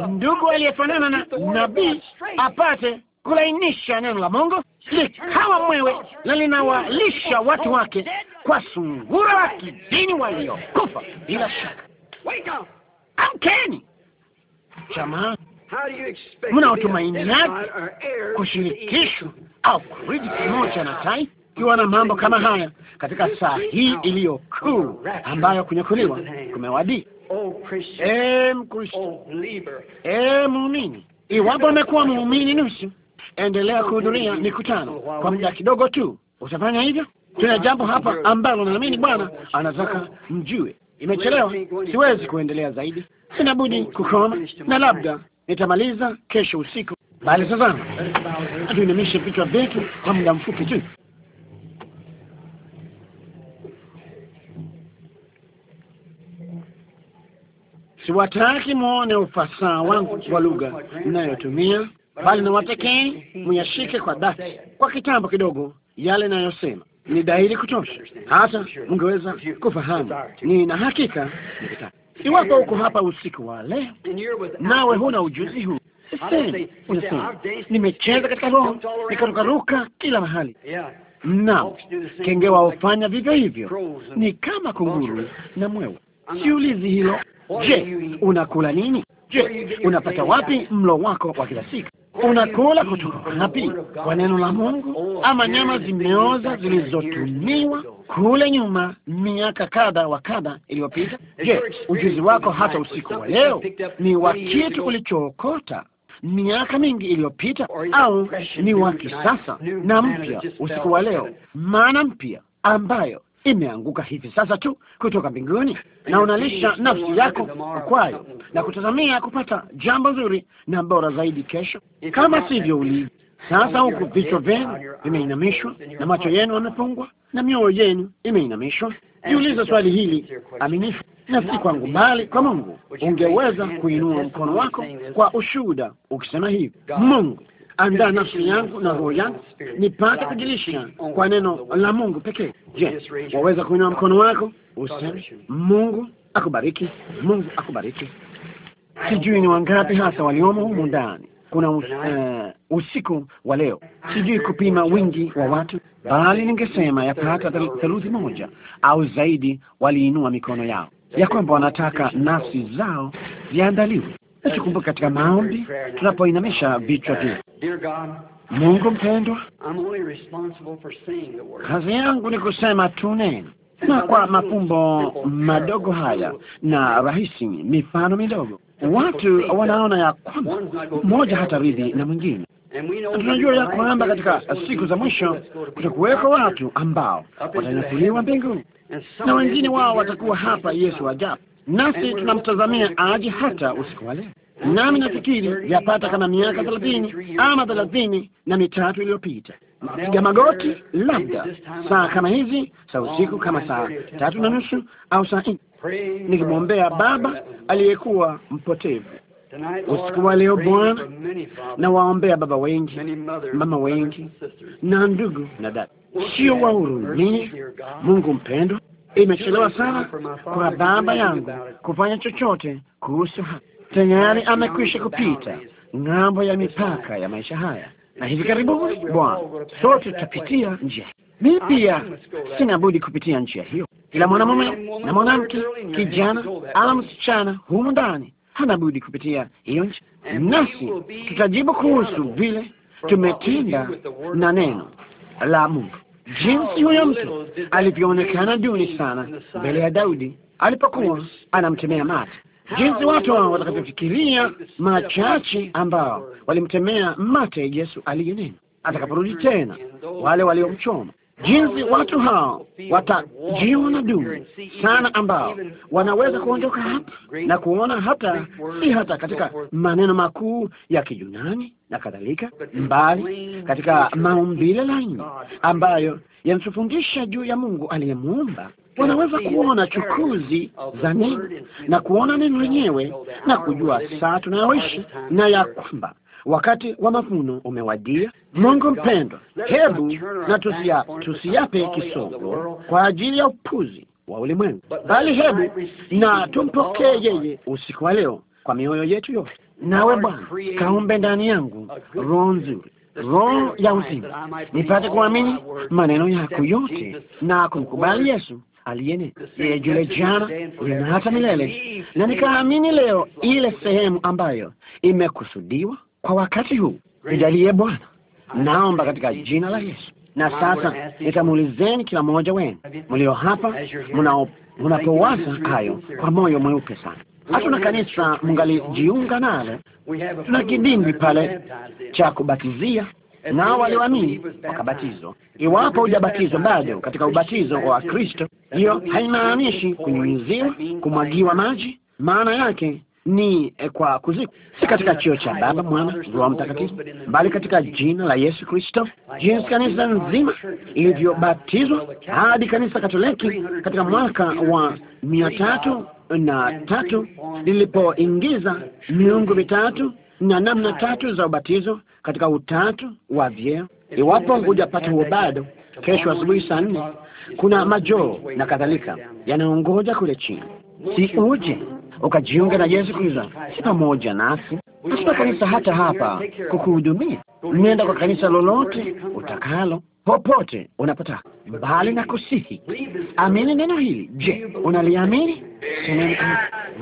ndugu aliyefanana na nabii apate kulainisha neno la Mungu likawa mwewe na linawalisha watu wake kwa sungura wa kidini waliokufa. Bila shaka, amkeni jamaa. Mnaotumainiaje kushirikishwa au kurudi pamoja na tai kiwa na mambo kama haya katika saa hii iliyo kuu ambayo kunyakuliwa kumewadia? Mkristo, e muumini, iwapo amekuwa muumini nusu endelea kuhudhuria mikutano kwa muda kidogo tu. Utafanya hivyo? Tuna jambo hapa ambalo naamini Bwana anataka mjue. Imechelewa, siwezi kuendelea zaidi, sina budi kukoma, na labda nitamaliza kesho usiku. Bali sasa tuinamishe vichwa vyetu kwa muda mfupi tu. Siwataki mwone ufasaha wangu wa lugha inayotumia bali na watekeni kwa dhati kwa kitambo kidogo yale nayosema ni dhahiri kutosha, hata mngeweza kufahamu. Nina hakika nikitaka, iwapo uko hapa usiku wa leo nawe huna ujuzi huu, nimecheza katika roho nikarukaruka kila mahali. Naam, kenge waofanya vivyo hivyo, ni kama kunguru na mwewe. Siulizi hilo. Je, unakula nini? Je, unapata wapi mlo wako wa kila siku? unakula kutoka wapi? Kwa neno la Mungu ama nyama zimeoza zilizotumiwa kule nyuma miaka kadha wa kadha iliyopita? Je, ujuzi wako hata usiku wa leo ni wa kitu ulichookota miaka mingi iliyopita, au ni wa kisasa na mpya usiku wa leo, maana mpya ambayo imeanguka hivi sasa tu kutoka mbinguni, na unalisha nafsi yako kwayo na kutazamia kupata jambo zuri na bora zaidi kesho, kama sivyo ulivyo sasa, huku vichwa vyenu vimeinamishwa na macho yenu amefungwa na mioyo yenu imeinamishwa. Jiulize swali hili aminifu, na si kwangu, bali kwa Mungu. Ungeweza kuinua mkono wako kwa ushuhuda ukisema hivi, Mungu andaa nafsi yangu na roho yangu nipate kujilisha kwa neno la Mungu pekee. Je, waweza kuinua mkono wako useme, Mungu akubariki, Mungu akubariki. Sijui ni wangapi hasa waliomo humu ndani. Kuna uh, usiku wa leo, sijui kupima wingi wa watu, bali ningesema yapata theluthi moja au zaidi waliinua mikono yao ya kwamba wanataka nafsi zao ziandaliwe Tukumbuke katika maombi tunapoinamisha vichwa vyetu. Mungu mpendwa, kazi yangu ni kusema tu neno, na kwa mafumbo madogo haya na rahisi, mifano midogo, watu wanaona ya kwamba mmoja hata na mwingine. Tunajua ya kwamba katika siku za mwisho kutakuweko watu ambao watanyakuliwa mbinguni, na wengine wao watakuwa hapa Yesu ajapo nasi tunamtazamia aje hata usiku wa leo. Nami nafikiri yapata kama miaka thelathini ama thelathini na mitatu iliyopita, napiga magoti, labda saa kama hizi saa usiku, kama saa tatu na nusu au saa nne, nikimwombea baba aliyekuwa mpotevu. Usiku wa leo Bwana, nawaombea baba wengi, mama wengi, na ndugu na dada, sio wahurumie, Mungu mpendwa imechelewa sana kwa baba yangu kufanya chochote kuhusu hapa. Tayari amekwisha kupita ng'ambo ya mipaka ya maisha haya, na hivi karibuni, Bwana, sote tutapitia njia. Mimi pia sina budi kupitia njia hiyo. Kila mwanamume na mwanamke, kijana ala msichana, humu ndani hana budi kupitia hiyo njia, nasi tutajibu kuhusu vile tumetinda na neno la Mungu jinsi huyo mtu alivyoonekana duni sana mbele ya Daudi alipokuwa anamtemea mate, jinsi watu hao watakavyofikiria machache ambao walimtemea mate Yesu aliye neno atakaporudi tena, wale waliomchoma jinsi watu hao watajiona duni sana, ambao wanaweza kuondoka hapa na kuona hata si hata katika maneno makuu ya Kijunani na kadhalika, mbali katika maumbile laini ambayo yanatufundisha juu ya Mungu aliyemuumba. Wanaweza kuona chukuzi za neno na kuona neno lenyewe na kujua saa tunayoishi na ya kwamba Wakati wa mavuno umewadia. Mungu mpendwa, hebu na tusia, tusiape kisogo kwa ajili ya upuzi wa ulimwengu, bali hebu na tumpokee yeye usiku wa leo kwa mioyo yetu yote. Nawe Bwana, kaumbe ndani yangu roho nzuri roho ya uzima nipate kuamini maneno yako yote na kumkubali Yesu aliyene yeye yule jana na hata milele, na nikaamini leo ile sehemu ambayo imekusudiwa kwa wakati huu. Nijalie Bwana, naomba katika jina la Yesu. Na sasa nitamuulizeni kila mmoja wenu mlio hapa, mnapowaza hayo kwa moyo mweupe sana. Hatuna kanisa mngalijiunga nalo, tuna kidimbi pale cha kubatizia nao walioamini wakabatizwa. Iwapo hujabatizwa bado katika ubatizo wa Kristo, hiyo haimaanishi kunyunyiziwa, kumwagiwa maji. Maana yake ni eh, kwa kuzikwa, si katika chio cha Baba, Mwana, Roho Mtakatifu, bali katika jina la Yesu Kristo, jinsi kanisa nzima ilivyobatizwa hadi kanisa Katoliki katika mwaka wa mia tatu na tatu lilipoingiza miungu mitatu na namna tatu za ubatizo katika utatu wa vyeo. Iwapo hujapata huo bado, kesho asubuhi saa nne kuna majoo na kadhalika yanaongoja kule chini, si uje ukajiunga na Yesu Kristo, si pamoja nasi. Hatuna kanisa hata hapa kukuhudumia. Nenda kwa kanisa lolote utakalo popote unapotaka, mbali na kusihi. Amini neno hili. Je, unaliamini?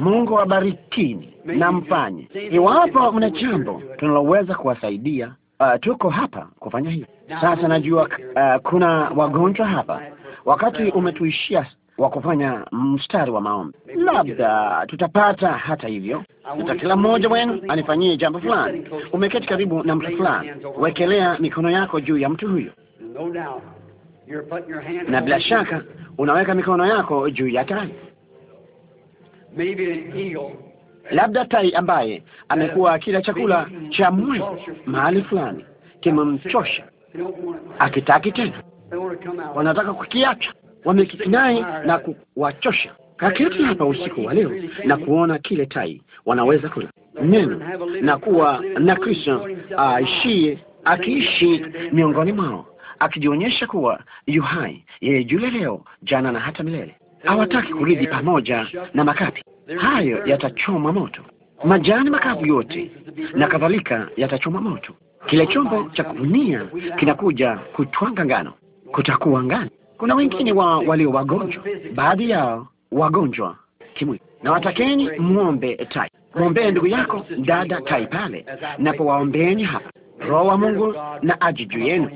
Mungu wabarikini na mfanye. Iwapo mna jambo tunaloweza kuwasaidia, uh, tuko hapa kufanya hivi. Sasa najua uh, kuna wagonjwa hapa, wakati umetuishia wa kufanya mstari wa maombi. Labda tutapata hata hivyo, hata kila mmoja wenu anifanyie jambo fulani. Umeketi karibu na mtu fulani, wekelea mikono yako juu ya mtu huyo, na bila shaka unaweka mikono yako juu ya tai, labda tai ambaye amekuwa kila chakula cha mwai mahali fulani kimemchosha, akitaki tena, wanataka kukiacha wameketi na kuwachosha. Kaketi hapa usiku wa leo na kuona kile tai wanaweza kula neno na kuwa na Kristo ah, aishie akiishi miongoni mwao akijionyesha kuwa yu hai, yeye yule leo, jana na hata milele. Hawataki kuridhi pamoja na makapi, hayo yatachoma moto, majani makavu yote na kadhalika yatachoma moto. Kile chombo cha kuvunia kinakuja kutwanga ngano, kutakuwa ngano kuna wengine wa walio wagonjwa, baadhi yao wagonjwa kimwili, na watakeni muombe tai, mwombee ndugu yako dada tai pale, napowaombeeni hapa Roho wa Mungu na aji juu yenu.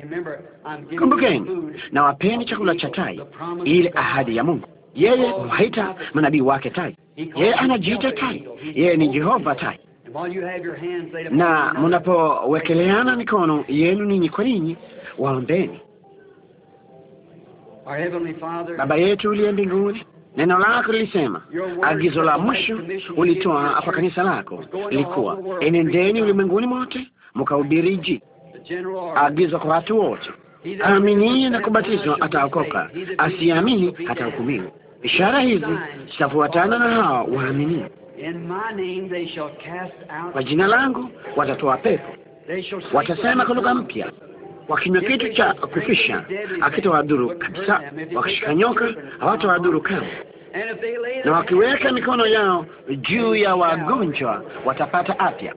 Kumbukeni na wapeni chakula cha tai, ile ahadi ya Mungu. Yeye huwaita manabii wake tai, yeye anajiita tai, yeye ni Jehova tai. Na mnapowekeleana mikono yenu ninyi kwa ninyi, waombeni Baba yetu uliye mbinguni, neno lako lilisema, agizo la mwisho ulitoa hapa kanisa lako ilikuwa enendeni ulimwenguni mwote mkahubiri Agizo kwa watu wote, aaminie na kubatizwa ataokoka, asiamini hatahukumiwa. Ishara hizi zitafuatana na hawa waaminio, kwa jina langu watatoa pepo, watasema kwa lugha mpya wa kinywa kitu cha kufisha akitawadhuru kabisa, wakishika nyoka hawatawadhuru kama, na wakiweka mikono yao juu ya wagonjwa watapata afya.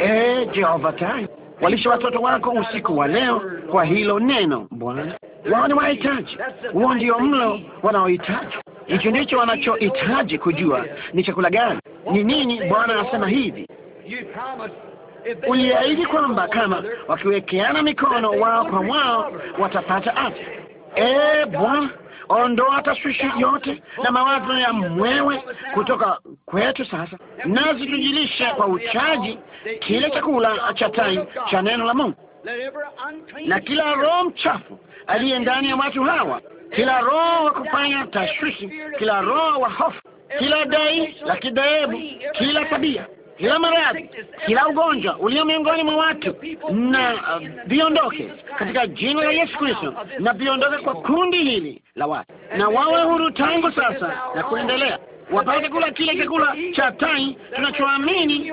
Eh, Jehova tai walisha watoto wako usiku wa leo kwa hilo neno Bwana. Wao ni wahitaji, huo ndio mlo wanaohitaji, hicho ndicho wanachohitaji kujua ni chakula gani, ni nini. Bwana anasema hivi uliahidi kwamba kama wakiwekeana mikono wao kwa wao watapata afya. E Bwana, ondoa tashwishi yote na mawazo ya mwewe kutoka kwetu sasa, nazi tujilisha kwa uchaji kile chakula cha tai cha neno la Mungu, na kila roho mchafu aliye ndani ya watu hawa, kila roho wa kufanya tashwishi, kila roho wa hofu, kila dai la kidhehebu, kila tabia kila maradhi, kila ugonjwa ulio miongoni mwa watu na uh, viondoke, katika jina la Yesu Kristo, na viondoke kwa kundi hili la watu, na wawe huru tangu sasa na kuendelea, wapate kula kile chakula cha tai tunachoamini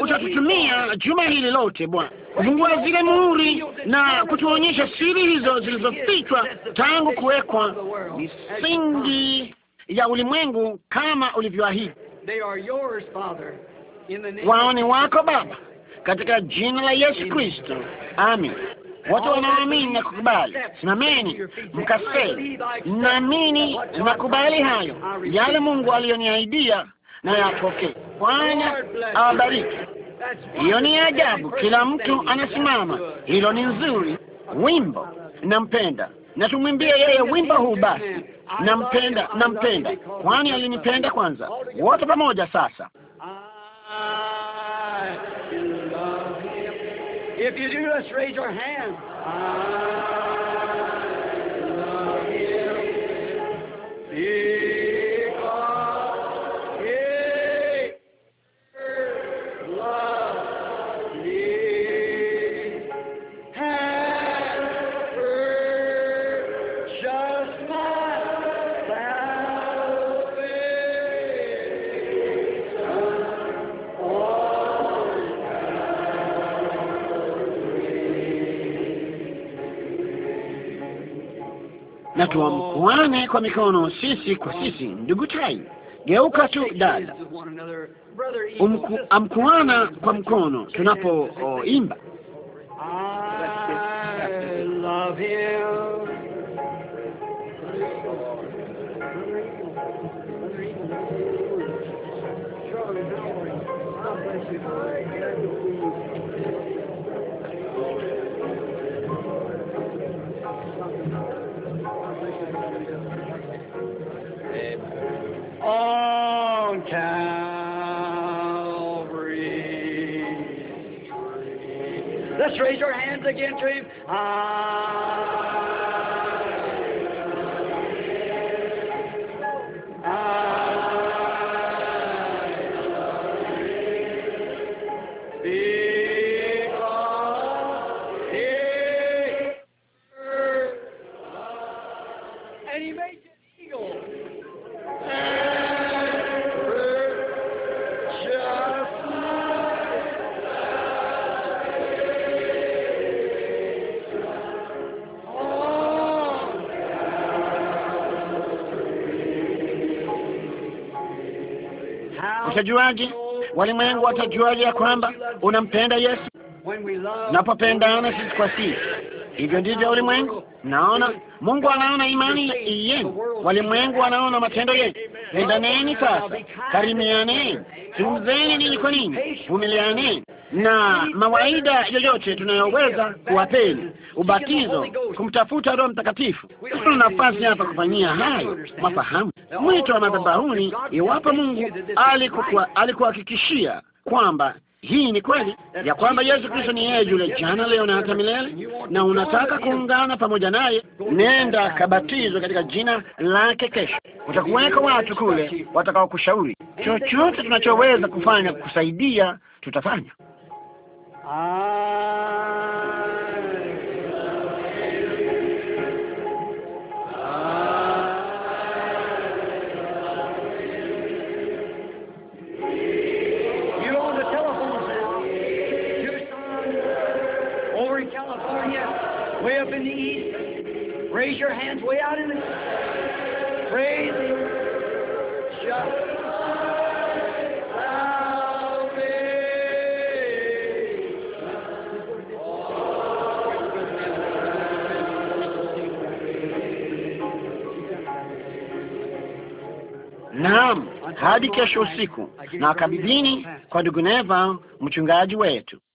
utatutumia juma hili lote, Bwana, kufungua zile muhuri na kutuonyesha siri hizo zilizofichwa tangu kuwekwa misingi ya ulimwengu kama ulivyoahidi wao wako Baba, katika jina la Yesu Kristo, amin. Watu wanaamini na kukubali, simameni mkasema, naamini nakubali hayo yale Mungu aliyoniahidia na yapokee. Bwana awabariki. Hiyo ni ajabu, kila mtu anasimama. Hilo ni nzuri. Wimbo nampenda, na tumwimbie yeye wimbo huu basi, nampenda, nampenda, kwani alinipenda kwanza. Wote pamoja sasa. I love him. If you do, let's raise your hand. I love him. Yeah. na tuamkuane kwa mikono sisi kwa sisi. Ndugu Tai, geuka tu dada, Umku, amkuana kwa mkono tunapoimba on Calvary. Let's raise your hands again to Him. Ah. Watajuaje? Walimwengu watajuaje ya kwamba unampenda Yesu? Napopendana sisi kwa sisi, hivyo ndivyo ulimwengu naona. Mungu anaona imani yenu, walimwengu wanaona matendo yenu pendaneni sasa, karimianeni, zungumzeni ninyi kwa ninyi, vumilianeni na mawaida yoyote tunayoweza kuwapeni, ubatizo, kumtafuta Roho Mtakatifu. Tuna nafasi hapa kufanyia hayo, mafahamu mwito wa madhabahuni, iwapo Mungu alikuhakikishia kwamba hii ni kweli ya kwamba Yesu Kristo ni yeye yule jana, leo na hata milele, na unataka kuungana pamoja naye, nenda kabatizwe katika jina lake. Kesho utakuweka watu kule watakaokushauri. Chochote tunachoweza kufanya kusaidia, tutafanya. Raise your hands way out in the... Praise Him. Just... Naam, hadi kesho usiku na kabidhini kwa ndugu Neva mchungaji wetu.